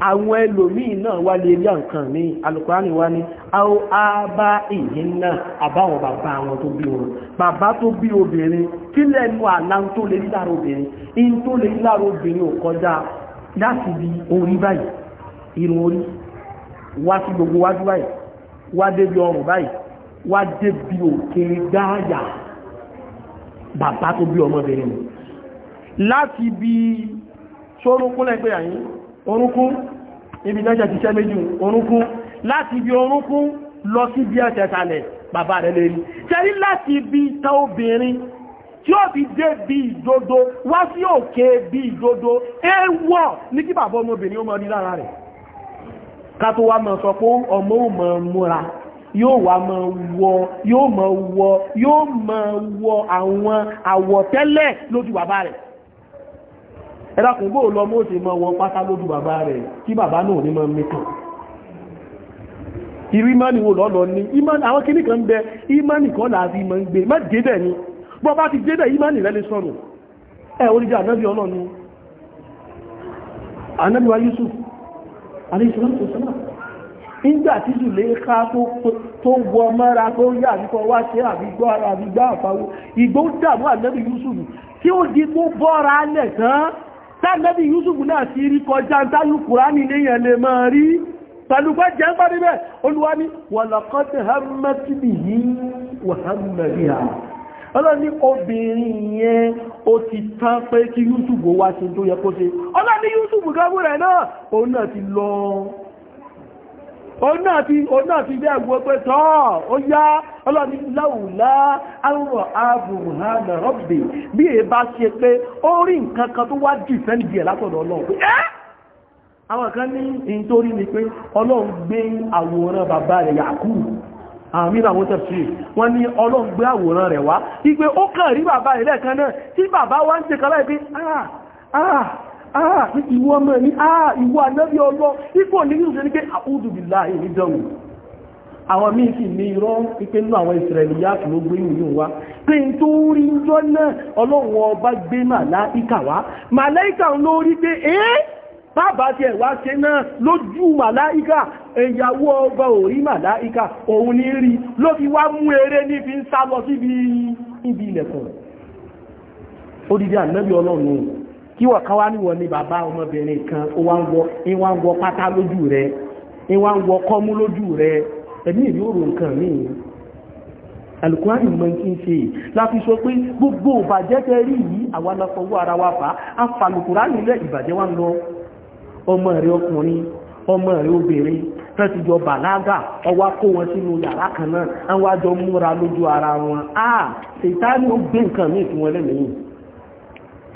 Speaker 1: àwọn ẹlòmí náà wá lè rí nǹkan ní alùkùránì wá ní àwọn àbá ìyìn náà àbáwọn bàbá wọn tó bí wọn bàbá tó bí obìnrin kí lẹ́nu àlá tó lè rí lára obìnrin in tó lè rí lára obìnrin ò kọjá láti bí orí báyìí irun orí wá sí gbogbo wájú báyìí wá débi ọrùn báyìí wá débi òkè gáàyà bàbá tó bí ọmọbìnrin mi láti bí ṣórúnkún lẹ́gbẹ̀ẹ́ àyín orúnkún ibi náà ti ṣẹ́ méjì orúnkún láti bí orúnkún lọ sí bí ẹ̀ṣẹ̀ kalẹ̀ bàbá rẹ̀ lérí ṣẹ́rí láti bí ta obìnrin tí ó fi dé bí ìdodo wá sí òkè bí ìdodo ewọ̀ ní kí bàbá ọmọbìnrin ó mọ rí lára rẹ̀ ká tó wá mọ̀ sọ pé ọmọ ò múra yóò wá mọ wọ yóò mọ wọ yóò mọ wọ àwọn àwọ̀tẹ́lẹ̀ lójú bàbá rẹ̀ ẹ̀dàkùn bóò lọ mọ́ sí mọ́ wọ pátá lójú bàbá rẹ̀ kí bàbá náà ní mọ́ mẹ́kàn irú ìmánì wo lọ́lọ́ ní àwọn kìíní kan bẹ ìmánì kan láàrin ìmọ̀ ń gbé má dédẹ̀ ni bọ́ bá ti dédẹ̀ ìmánì rẹ̀ lè sọ̀rọ̀ ẹ̀ oríjà anábì ọlọ́nu anábì wa Yusuf alayhi nígbà tí Zùlẹ́ká tó wọ mọ́ra tó yà nípa wá ṣe àbígbọ́ ara àbígbá àfáwó ìgbó dàmú ànábì Yusuf tí ó di tó bọ́ra lẹ̀ tán tánàbì Yusuf náà sí rí kọjá táyù Kùránì léyàn lè máa rí pẹ̀lú pé jẹ́ ń bá olúwa ní walaqad ọ̀nà àti ilé ẹ̀gbọ́ pé tọ́ ó yá ọlọ́ni láwùlá àrùn àbùhánà rọ́bì bí è bá ṣe pé ó rí nǹkan kan tó wá jù fẹ́ndì ẹ̀ látọ̀dọ̀ ọlọ́run kan ní ìntorí ni pé ọlọ́run gbé àwòrán bàbá rẹ̀ ní gbé wá ah ìwọ ọmọ ẹni ah ìwọ ànábì ọlọ́ ipò ní ìrùsẹ̀ ní pé àkúdù bìlá èyí dánwò àwọn míì sì ní irọ́ pípé nínú àwọn ìsìrẹ̀lì yáàtù ló gbé ìrìn wá pé n tó rí jọ náà ọlọ́run ọba gbé màláìkà wá màláìkà ló rí pé ẹ́ bàbá tí ẹ̀wà ṣe náà lójú màláìkà ìyàwó ọba ò rí màláìkà òun ní rí ló fi wá mú eré ní fi ń sá lọ síbi ilẹ̀kùn odidi ànábì ọlọ́run kí wọ̀ kan wá níwọ̀ ní bàbá ọmọbìnrin kan ìwà ń wọ pátá lójú rẹ̀ ìwà ń wọ kọ́mú lójú rẹ̀ ẹ̀mí ìrí òrò nǹkan míì alùkùnrin mọ̀ kí n ṣe láti sọ pé gbogbo ìbàjẹ́ tẹ́ rí yìí àwa la fọwọ́ ara wa fà á falùkùnrà nílẹ̀ ìbàjẹ́ wa ń lọ ọmọ rẹ̀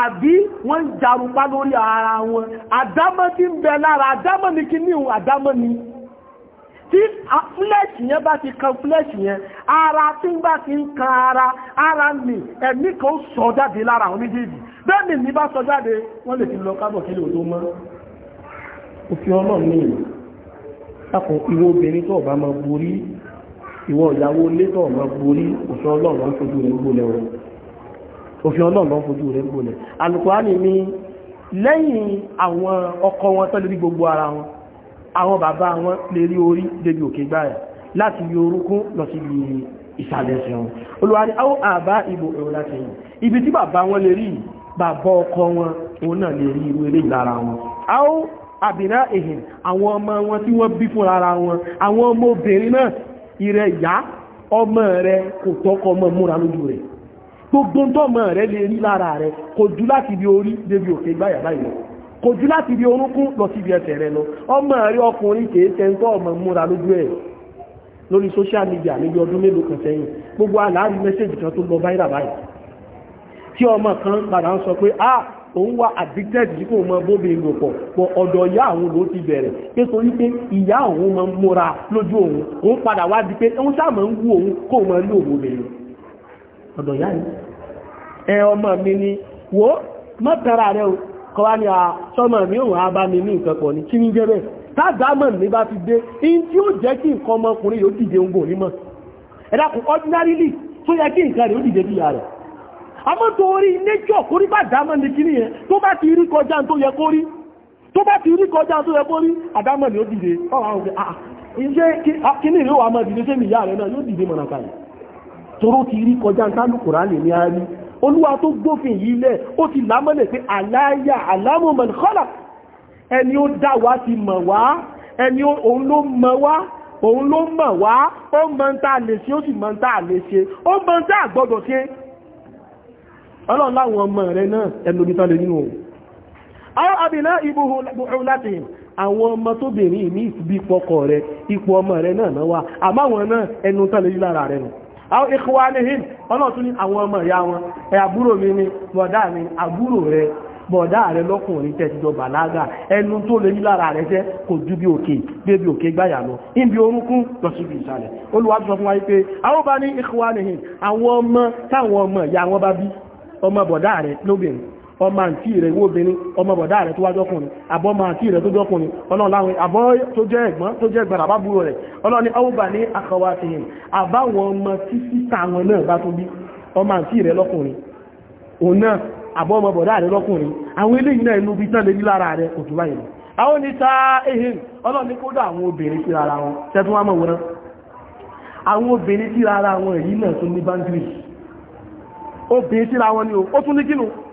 Speaker 1: àbí wọ́n ń jarunpá lórí ara wọn àdámọ́ tí ń bẹ lára àdámọ́ ní kí ní àdámọ́ ni tí fúlẹ̀ṣì yẹn bá ti kan fúlẹ̀ṣì yẹn ara tí ń bá ti ń kan ara ara nì ẹ̀mí kan sọ jáde lára àwọn méjèèjì bẹ́ẹ̀ni ní bá sọ jáde wọ́n lè ti lọ kábọ̀ kí lè tó mọ́ òfin ọlọ́run ní ìlú ìwọ obìnrin tó ọba máa borí ìwọ ìyàwó ilé tó ọba borí òfin ọlọ́run á fojú rẹ̀ gbólẹ̀ wọn òfin ọlọ́run ló ń fojú rẹ̀ gbolẹ̀ alukurani ni lẹ́yìn àwọn ọkọ wọn tó lè rí gbogbo ara wọn àwọn bàbá wọn lè rí orí débi òkè gbáyà láti yí orúkún lọ sí ibi ìsàlẹ̀ ẹsẹ̀ wọn olùwárí àwọn àbá ìbò ẹ̀rọ láti yìn ibi tí bàbá wọn lè rí bàbá ọkọ wọn òun náà lè rí gbogbo tọ́mọ̀ rẹ̀ lè rí lára rẹ̀ kò jú láti bí orí débi òkè gbáyà báyìí lọ kò jú láti bí orúnkún lọ síbi ẹsẹ̀ rẹ̀ lọ ọmọ rẹ̀ ọkùnrin kìí tẹ́ntọ́ ọmọ múra lójú ẹ̀ lórí social media níbi ọdún mélòó kan sẹ́yìn gbogbo aláàrí mẹ́sẹ̀jì kan tó lọ báyìí báyìí tí ọmọ kan padà ń sọ pé ah òun wá addicted tí kò mọ bóbìnrin lò pọ̀ pọ̀ ọ̀dọ̀ ìyá àwọn ló ti bẹ̀rẹ̀ pé torí pé ìyá òun mọ múra lójú òun òun padà wá di pé òun sáà mọ̀ ń wú òun kò mọ ní òun bẹ̀rẹ̀ ọ̀dọ̀ yá ní ẹ ọmọ mi ni wo mọ́ tẹ́ra kọwa ni àtọ́mọ̀ mi òun a bá mi ní nǹkan pọ̀ ní kí ní jẹ́ bẹ́ẹ̀ tágbàmọ̀ ní bá ti dé in tí ó jẹ́ kí nǹkan ọmọkùnrin yóò dìde ń gò nímọ̀ ẹ̀dàkùn ordinarily tó yẹ kí nǹkan rẹ̀ ó dìde bí ìyá rẹ̀ àmọ́ tó rí nature kó rí bá dámọ̀ ní kí nìyẹn tó bá ti rí kọjá tó yẹ kó rí tó bá ti rí kọjá tó yẹ kó rí àdámọ̀ ni ó dìde ọ̀rọ̀ àwọn ọ̀gbẹ̀ tóró ti rí kọjá ntánú kùránì ní a rí olúwa tó gbófin yìí lẹ̀ ó ti lámọ́lẹ̀ pé aláyà alámọ̀mọ̀ kọ́là ẹni ó dá wa ti mọ̀ wá ẹni òun ló mọ̀ wá òun ló mọ̀ wá ó mọ̀ ń tà lè ṣe ó sì mọ̀ ń tà lè ṣe ó mọ̀ ń tà gbọ́dọ̀ ṣe ọlọ́run láwọn àwọn ọmọ tó bèèrè ní ìfibí pọkọ rẹ ipò ọmọ rẹ náà náà wà àmáwọn náà ẹnu tán lára rẹ nù àwọn ikhwanihim ọ̀nà tún ní àwọn ọmọ ìyá wọn ẹ àbúrò mi ni bọ̀dá mi àbúrò rẹ bọ̀dá rẹ lọ́kùnrin tẹ́tìjọ bàlágà ẹnu tó lè nílára rẹ jẹ́ kò ju bí òkè bí ebi òkè gbáyà lọ níbi orúnkún lọ síbi ìsàlẹ̀ olùwàbí sọ fún wa ọmọ àǹtí rẹ̀ wó obìnrin ọmọ bọ̀dá rẹ̀ tó wájọ́kùnrin àbọ́ ọmọ àǹtí rẹ̀ tó jọ́kùnrin ọlọ́láwìn àbọ́ tó jẹ́ ẹ̀gbọ́n tó jẹ́ ẹ̀gbọ́n àbábúrò rẹ̀ ọlọ́ni ọwọ́bà ní akhawatihim àbáwọn ọmọ tí sísà wọn náà bá tó bí ọmọ àǹtí rẹ̀ lọ́kùnrin òun náà àbọ́ ọmọ bọ̀dá rẹ̀ lọ́kùnrin àwọn eléyìí náà inú bí tán lè rí lára rẹ̀ kò tó báyìí àwọn oníta ehin ọlọ́ni kó àwọn obìnrin sí ara wọn tẹ́tún wá mọ̀ wọn àwọn obìnrin sí ara wọn èyí náà tún ní báńkìrì obìnrin síra wọn ni ó tún ní kínú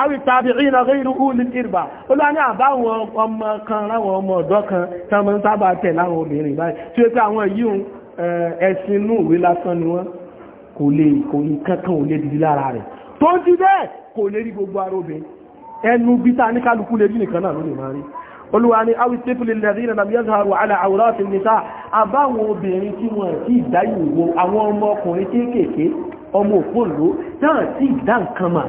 Speaker 1: àwọn ìtàbíìnà gẹ́rù ulil irba ó lá ní àbáwọn ọmọ kan láwọn ọmọ ọ̀dọ́ kan tí wọ́n sábà tẹ̀ láwọn obìnrin báyìí tí ó pé àwọn yíò ẹ̀sìn inú ìwé lásán ni wọ́n kò lè kò ní kankan ò lè dìdí lára rẹ̀ tó ń ti bẹ́ẹ̀ kò lè rí gbogbo ara obìnrin ẹnu bí ta ní kálukú lè olúwa ni awi sípìlì lẹ́rìnà nàbí yẹ́zàrò ala àwòrán nìta àbáwọn obìnrin tí wọ́n ti ìdáyìí wo àwọn ọmọ ọkùnrin kéékèèké ọmọ òpónlò náà ti ìdá nǹkan máa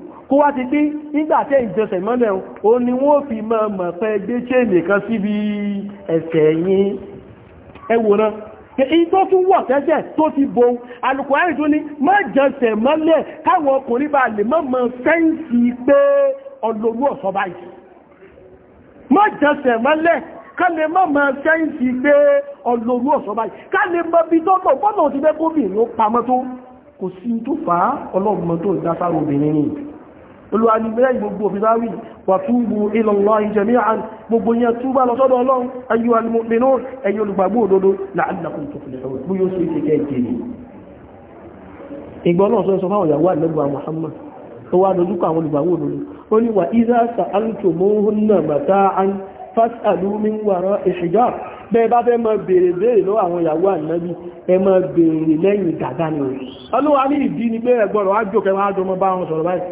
Speaker 1: kó wá ti pín nígbàtẹ́ ìjọsẹ̀ mọ́lẹ̀ o ni wọ́n fi mọ́ mọ̀ pẹ́ gbé chéèmì kan síbi ẹ̀sẹ̀ yìí ẹwòrán èyí tó tún wọ̀ tẹ́jẹ̀ tó ti bo alùkùnrin tó ní má jẹsẹ̀ mọ́lẹ̀ káwọn ọkùnrin bá lè mọ́ mọ́ fẹ́ǹsì pé ọlọ́rú ọ̀sọ́ báyìí má jẹsẹ̀ mọ́lẹ̀ ká lè mọ́ mọ́ fẹ́ǹsì pé ọlọ́rú ọ̀sọ́ báyìí ká lè mọ́ bí kò sí tó fà ọlọ́gbọ̀n tó ìdásáró obìnrin nìyí olúwa ní bẹ́ẹ̀ gbogbo òfin bá wí wà túbù ila Allahi jami'an gbogbo yẹn túbà lọ sọ́dọ̀ ọlọ́run ayyuhal mu'minun ẹ̀yin olùgbàgbọ́ òdodo la'allakum tuflihun bú yóò ṣe ìṣẹ́kẹ́ jẹ́rì ìgbọ́n náà sọ fáwọn ìyàwó àlẹ́gbà Muhammad tó wá dojúkọ àwọn olùgbàgbọ́ òdodo ó ní wà idha sa'altumuhunna mata'an fas'alu min wara'i hijab bẹ́ẹ̀ bá fẹ́ máa béèrè béèrè lọ́wọ́ àwọn ìyàwó ànábì ẹ máa béèrè lẹ́yìn gàgá ni ó ní ìdí ni pé ẹgbọ́rọ̀ wájú kẹwàá jọmọ bá wọn sọ̀rọ̀ báyìí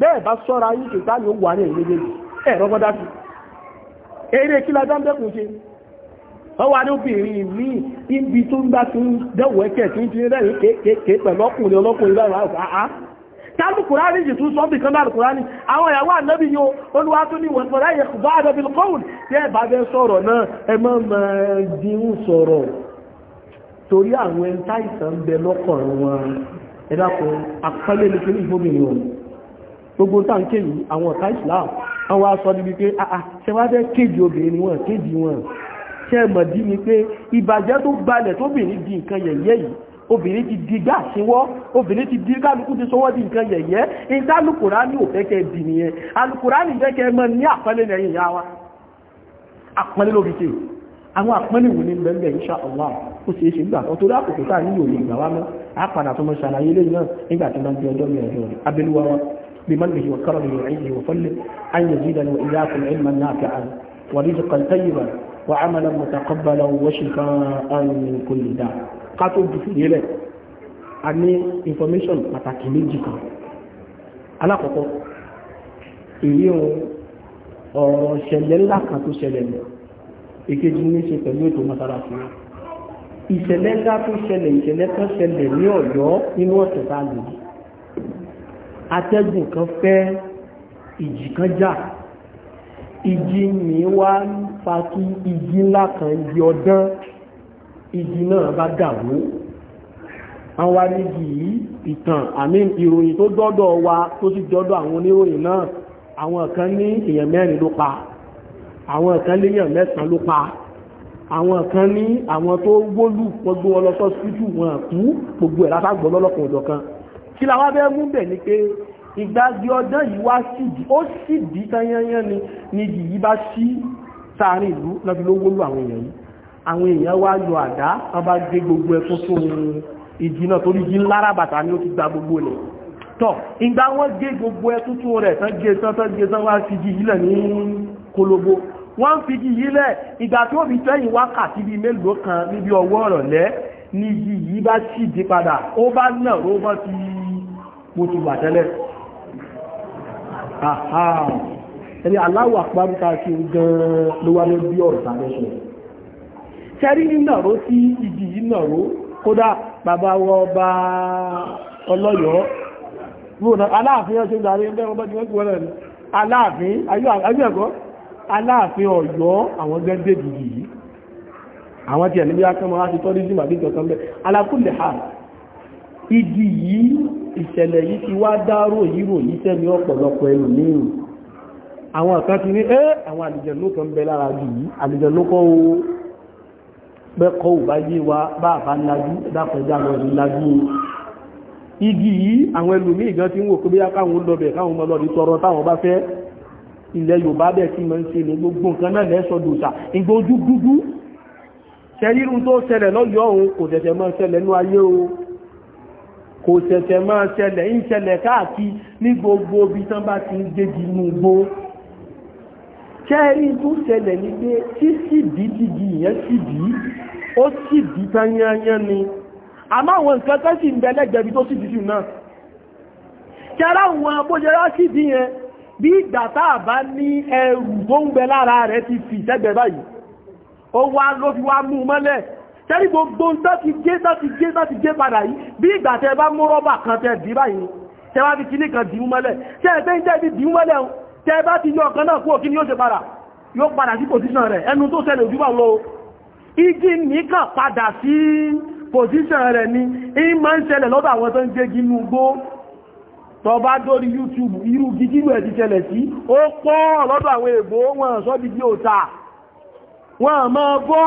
Speaker 1: bẹ́ẹ̀ bá sọ́ra yìí kì sáà yóò wà ní ìlú méjèèjì ẹ̀rọ gbọ́dá sí eré kí la dáńdẹ́kùn ṣe ní ibi tó ń bá tún dẹ̀wọ̀ ẹ̀kẹ́ tí ń ti rẹ̀yìn kéèkéé pẹ̀lú ọkùnrin ọlọ́kùnrin tàbí kùránì jì tún àwọn ìyàwó ànábì olúwa ní wọ̀n fọ́lá yẹ bá àdọ́bí gbogbo táǹkì yìí àwọn ọ̀tá Islam àwọn aṣọ níbi pé àà ah, ah, ṣe wá fẹ́ kéjì obìnrin ni wọ́n kéjì wọn ṣe mọ̀dí ni pé ìbàjẹ́ tó gbalẹ̀ tóbìnrin di nǹkan yẹ̀yẹ́ yìí obìnrin ti di gbà síwọ́ obìnrin ti di kálukú ti sọwọ́ di nǹkan yẹ̀yẹ́ ìta alukurani ò fẹ́ kẹ́ di nìyẹn alukurani fẹ́ kẹ́ mọ́ ní àpẹẹlẹ lẹ́yìn ìyá wa àpẹẹlẹ ló fi ṣe àwọn àpẹẹlẹ wò ní bẹ́ẹ̀ insha Allah ó ṣe é ṣe nígbà tó rí àkókò tá a nílò ìgbà wa mọ́ àpàdà tó mọ́ ṣàlàyé lẹ́yìn náà nígbà tí wọ́n gbé ọjọ́ mi ọ̀dọ́ rẹ̀ abẹ́lúwa wa بمنه وكرمه وعزه وفضله أن يزيدنا وإياكم علما نافعا ورزقا طيبا وعملا متقبلا وشفاء من كل داء قاتل بفضيلة أني information pàtàkì méjì kan alákọ̀ọ́kọ́ èyí ọ̀rọ̀ ṣẹlẹ̀ ńlá kan tó ṣẹlẹ̀ lọ èkejì ní ṣe pẹ̀lú ètò mọ́sálásí ìṣẹ̀lẹ̀ ńlá tó ṣẹlẹ̀ ìṣẹ̀lẹ̀ kan ṣẹlẹ̀ ní Ọ̀yọ́ nínú ọ̀sẹ̀ tá a lò yìí atẹ́gùn kan fẹ́ ìjì kan jà ìjì ní wá ń fa kí ìjì ńlá kan yọ dán ìjì náà bá dàwó àwọn wá níbi ìtàn àmì ìròyìn tó dọ́dọ̀ wa tó sì dọ́dọ̀ àwọn oníròyìn náà àwọn kan ní èèyàn mẹ́rin ló pa àwọn kan léèyàn mẹ́sàn ló pa àwọn kan ní àwọn tó wólù gbogbo ọlọ́sọ́sítù wọn kú gbogbo ẹ̀ látàgbọ́ lọ́lọ́kan òjọ̀kan kí la wá bẹ́ mú bẹ̀ ni pé ìgbàgbé ọdán yìí wá sídìí ó sídìí tanyanyan ni níbi yìí bá sí sáàrin ìlú lọ́bí ló wólú àwọn èèyàn yìí àwọn èèyàn wá yọ àdá wọ́n bá gbé gbogbo ẹkún tó ń ìjì náà torí jí ńlára bàtà ni ó ti gba gbogbo rẹ̀ tọ́ ìgbà wọ́n gé gbogbo ẹkún tó rẹ̀ tán gé tán tán gé tán wá fi jí yìí lẹ̀ ní kolobo wọ́n fi jí yìí lẹ̀ ìgbà tó fi tẹ́yìn wákàtí bíi mélòó kan níbi ọwọ́ ọ̀rọ̀ lẹ́ ní jí yìí bá sì dé padà ó bá náà ó bá ti mo ti wà tẹ́lẹ̀ ẹni aláwọ̀ àpárúta kí o gan-an ló wá lórí ọ̀rọ̀ tàbí ṣe ṣẹ́rí nínàró sí ìdí nínàró kódà bàbá wọ bá ọlọ́yọ̀ọ́ aláàfin ọjọ́ ìdarí ẹgbẹ́ ọmọ jẹ́ gbọ́nà ni aláàfin ayúẹ̀kọ́ aláàfin ọ̀yọ́ àwọn gẹ́gẹ́ dìdì yìí àwọn tí ẹ̀ níbi akẹ́mọ́ láti tọ́rí sí màbí ìjọ kan alákùnlẹ̀ hàn igi yìí ìṣẹ̀lẹ̀ yìí ti wá dárò yíro yìí tẹ́mi ọ̀pọ̀lọpọ̀ ẹnu mìíràn àwọn kan ti ní ẹ́ àwọn àlìjẹ̀nú kan bẹ lára jù yìí àlìjẹ̀nú kọ́ o pẹ́kọ́ ò wa bá àbá ńlájú dápẹ̀já lọ sí lájú igi yìí àwọn bẹ̀ tí mo ń ṣe ní gbogbo nǹkan náà lẹ́sọ̀ dòṣà ìgbà ojú dúdú ṣẹ́yírun tó ṣẹlẹ̀ lọ́yọ́ òun kò tẹ̀tẹ̀ mọ́ ṣẹlẹ̀ nú ayé o kò ṣẹ̀ṣẹ̀ máa ṣẹlẹ̀ ń ṣẹlẹ̀ káàkiri ní gbogbo ibi tán bá ti ń gbégi inú igbó kẹ́rí tó ṣẹlẹ̀ ní pé tí sídìí dìdì ìyẹn sídìí ó sídìí tán yányán ni àmọ́ àwọn nǹkan tán sì ń bẹ lẹ́gbẹ̀ẹ́bí tó sídìí sí náà kẹ́rá àwọn abójẹ́rá sídìí yẹn bí ìgbà táà bá ní ẹrù tó ń bẹ lára rẹ̀ ti fi ìtẹ́gbẹ̀ báyìí ó wá ló fi wá mú mọ́lẹ̀ tẹ́rí gbogbo tàbí gé tàbí gé tàbí gé padà yìí bí ìgbà tẹ bá mú rọ́bà kan tẹ dì báyìí tẹ bá fi kí nìkan dì mọ́lẹ̀ tẹ́ ẹ̀fẹ́ ń tẹ́bí dì mọ́lẹ̀ tẹ bá ti yọ ọ̀kan náà kúrò kí ni yóò ṣe padà yóò padà sí pòsíṣàn rẹ̀ ẹnu tó ṣẹlẹ̀ òjúbà lọ igi YouTube irú gígírù ẹ̀ ti ṣẹlẹ̀ sí ó pọ̀ lọ́dọ̀ àwọn èèbó wọn sọ́ bí bí òta wọn máa bọ́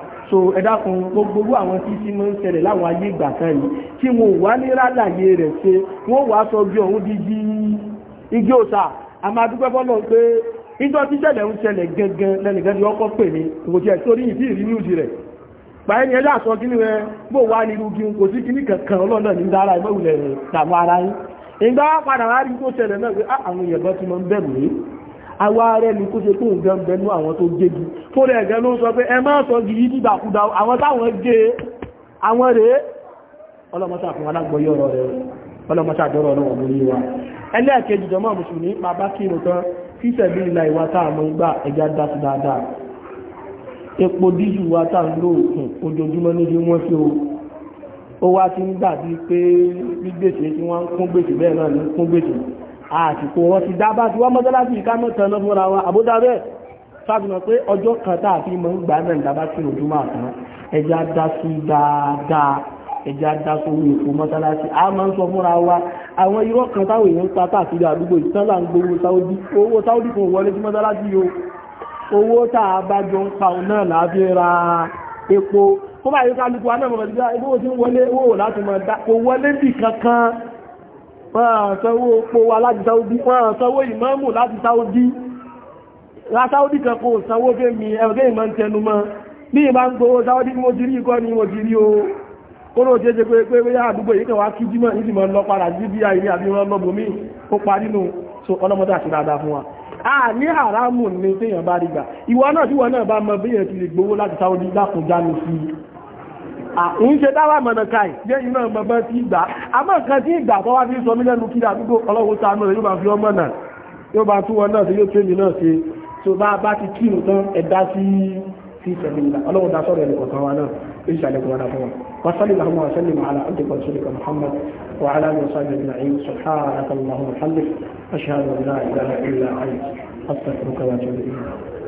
Speaker 1: so ẹ dákun gbogbo àwọn tí tí máa ń ṣẹlẹ̀ láwọn ayé ìgbà kan yìí kí wọn ò wá ní rálàyé rẹ̀ ṣe wọn ò wá sọ bí òun di bí igi òsà àmọ́ adúpẹ́ fọ́lọ́ pé ìjọ tí ṣẹlẹ̀ ń ṣẹlẹ̀ gangan lẹ́nìkan ni ọkọ̀ pè ní kò tiẹ̀ sórí ìdí ìrí ní òjì rẹ̀ pàẹ́ ni ẹlẹ́ àsọ kíní rẹ̀ bó wá ní irúgi kò sí kíní kankan ọlọ́dọ̀ ní dára ìmọ̀wùlẹ̀ rẹ̀ dàmú ara yín ìgbà padà wá rí tó ṣẹlẹ̀ náà pé ah, àwọn èèyàn bá ti máa ń bẹ̀rù àwa rẹ̀ ní kó ṣe fún ìgbẹ̀mgbẹ̀nú àwọn tó gégi tó rẹ̀ ẹ̀gẹ́ ló sọ pé ẹ máa sọ gìí dìdàkúdà àwọn táwọn gé àwọn rẹ̀ ọlọ́mọ́sà fún alágbọ́yọ́ rẹ̀ ọlọ́mọ́sà jọ́rọ̀ ọlọ́wọ̀ lórí wa ẹlẹ́ẹ̀kejì jọmọ́ mùsùlùmí bàbá kí mo tán fíṣẹ̀ bí ìlà ìwà táà ti ń gbà bíi pé gbígbèsè tí wọ́n ń kún gbèsè bẹ́ẹ̀ náà ní kún gbèsè àsìkò wọn ti dábá tí wọ́n mọ́sálásí ìkámọ́ tẹ̀lọ fúnra wọn àbúdá rẹ̀ sábìmọ̀ pé ọjọ́ kan tàà fi mọ́ ń gbà náà dábá sí òjúmọ́ àtàn ẹja dá sí dáadáa ẹja dá sórí èkó mọ́sálásí a máa ń sọ fúnra wa àwọn irọ́ kan táwọn èèyàn ń pa wọ́n sanwó opó wa láti Saudi wọ́n sanwó ìmáàmù láti Saudi la Saudi kan kò sanwó fẹ́ mi ẹ̀rọ̀gẹ́ ìmọ̀ ń tẹnu mọ́ bí ìbá ń gbowó Saudi mo ti rí ikọ́ ni mo ti o kó ló ṣeéṣe pé pé wíyá àdúgbò yìí kan wá kí jímọ̀ ní ìmọ̀ lọ padà sí bí ayé àbí wọn lọ bòmí ó parí nù so ọlọ́mọdé àti dáadáa fún wa a ní haramu ní téèyàn bá rí gbà ìwọ náà tí wọn náà bá mọ bí èèyàn ti lè gbowó láti Saudi àìyí ṣe dáwà mọ̀nà káì jẹ́ iná mọ̀mọ́ tí ìgbà àmọ́ nǹkan tí ìgbà tó wá fi sọ mí lẹ́nu kíra àdúgbò ọlọ́wọ́ sánú rẹ̀ yóò bá fi ọmọ náà yóò bá tún wọn náà sí yóò tún èmi náà ṣe tó bá bá ti kírù tán ẹ̀dá sí sí ìṣẹ̀lẹ̀ ìgbà ọlọ́wọ́ dá sọ̀rọ̀ ẹ̀lẹ̀ اللهم وسلم على عبدك ورسولك محمد وعلى اله وصحبه اجمعين اللهم وبحمدك اشهد ان لا اله الا انت استغفرك واتوب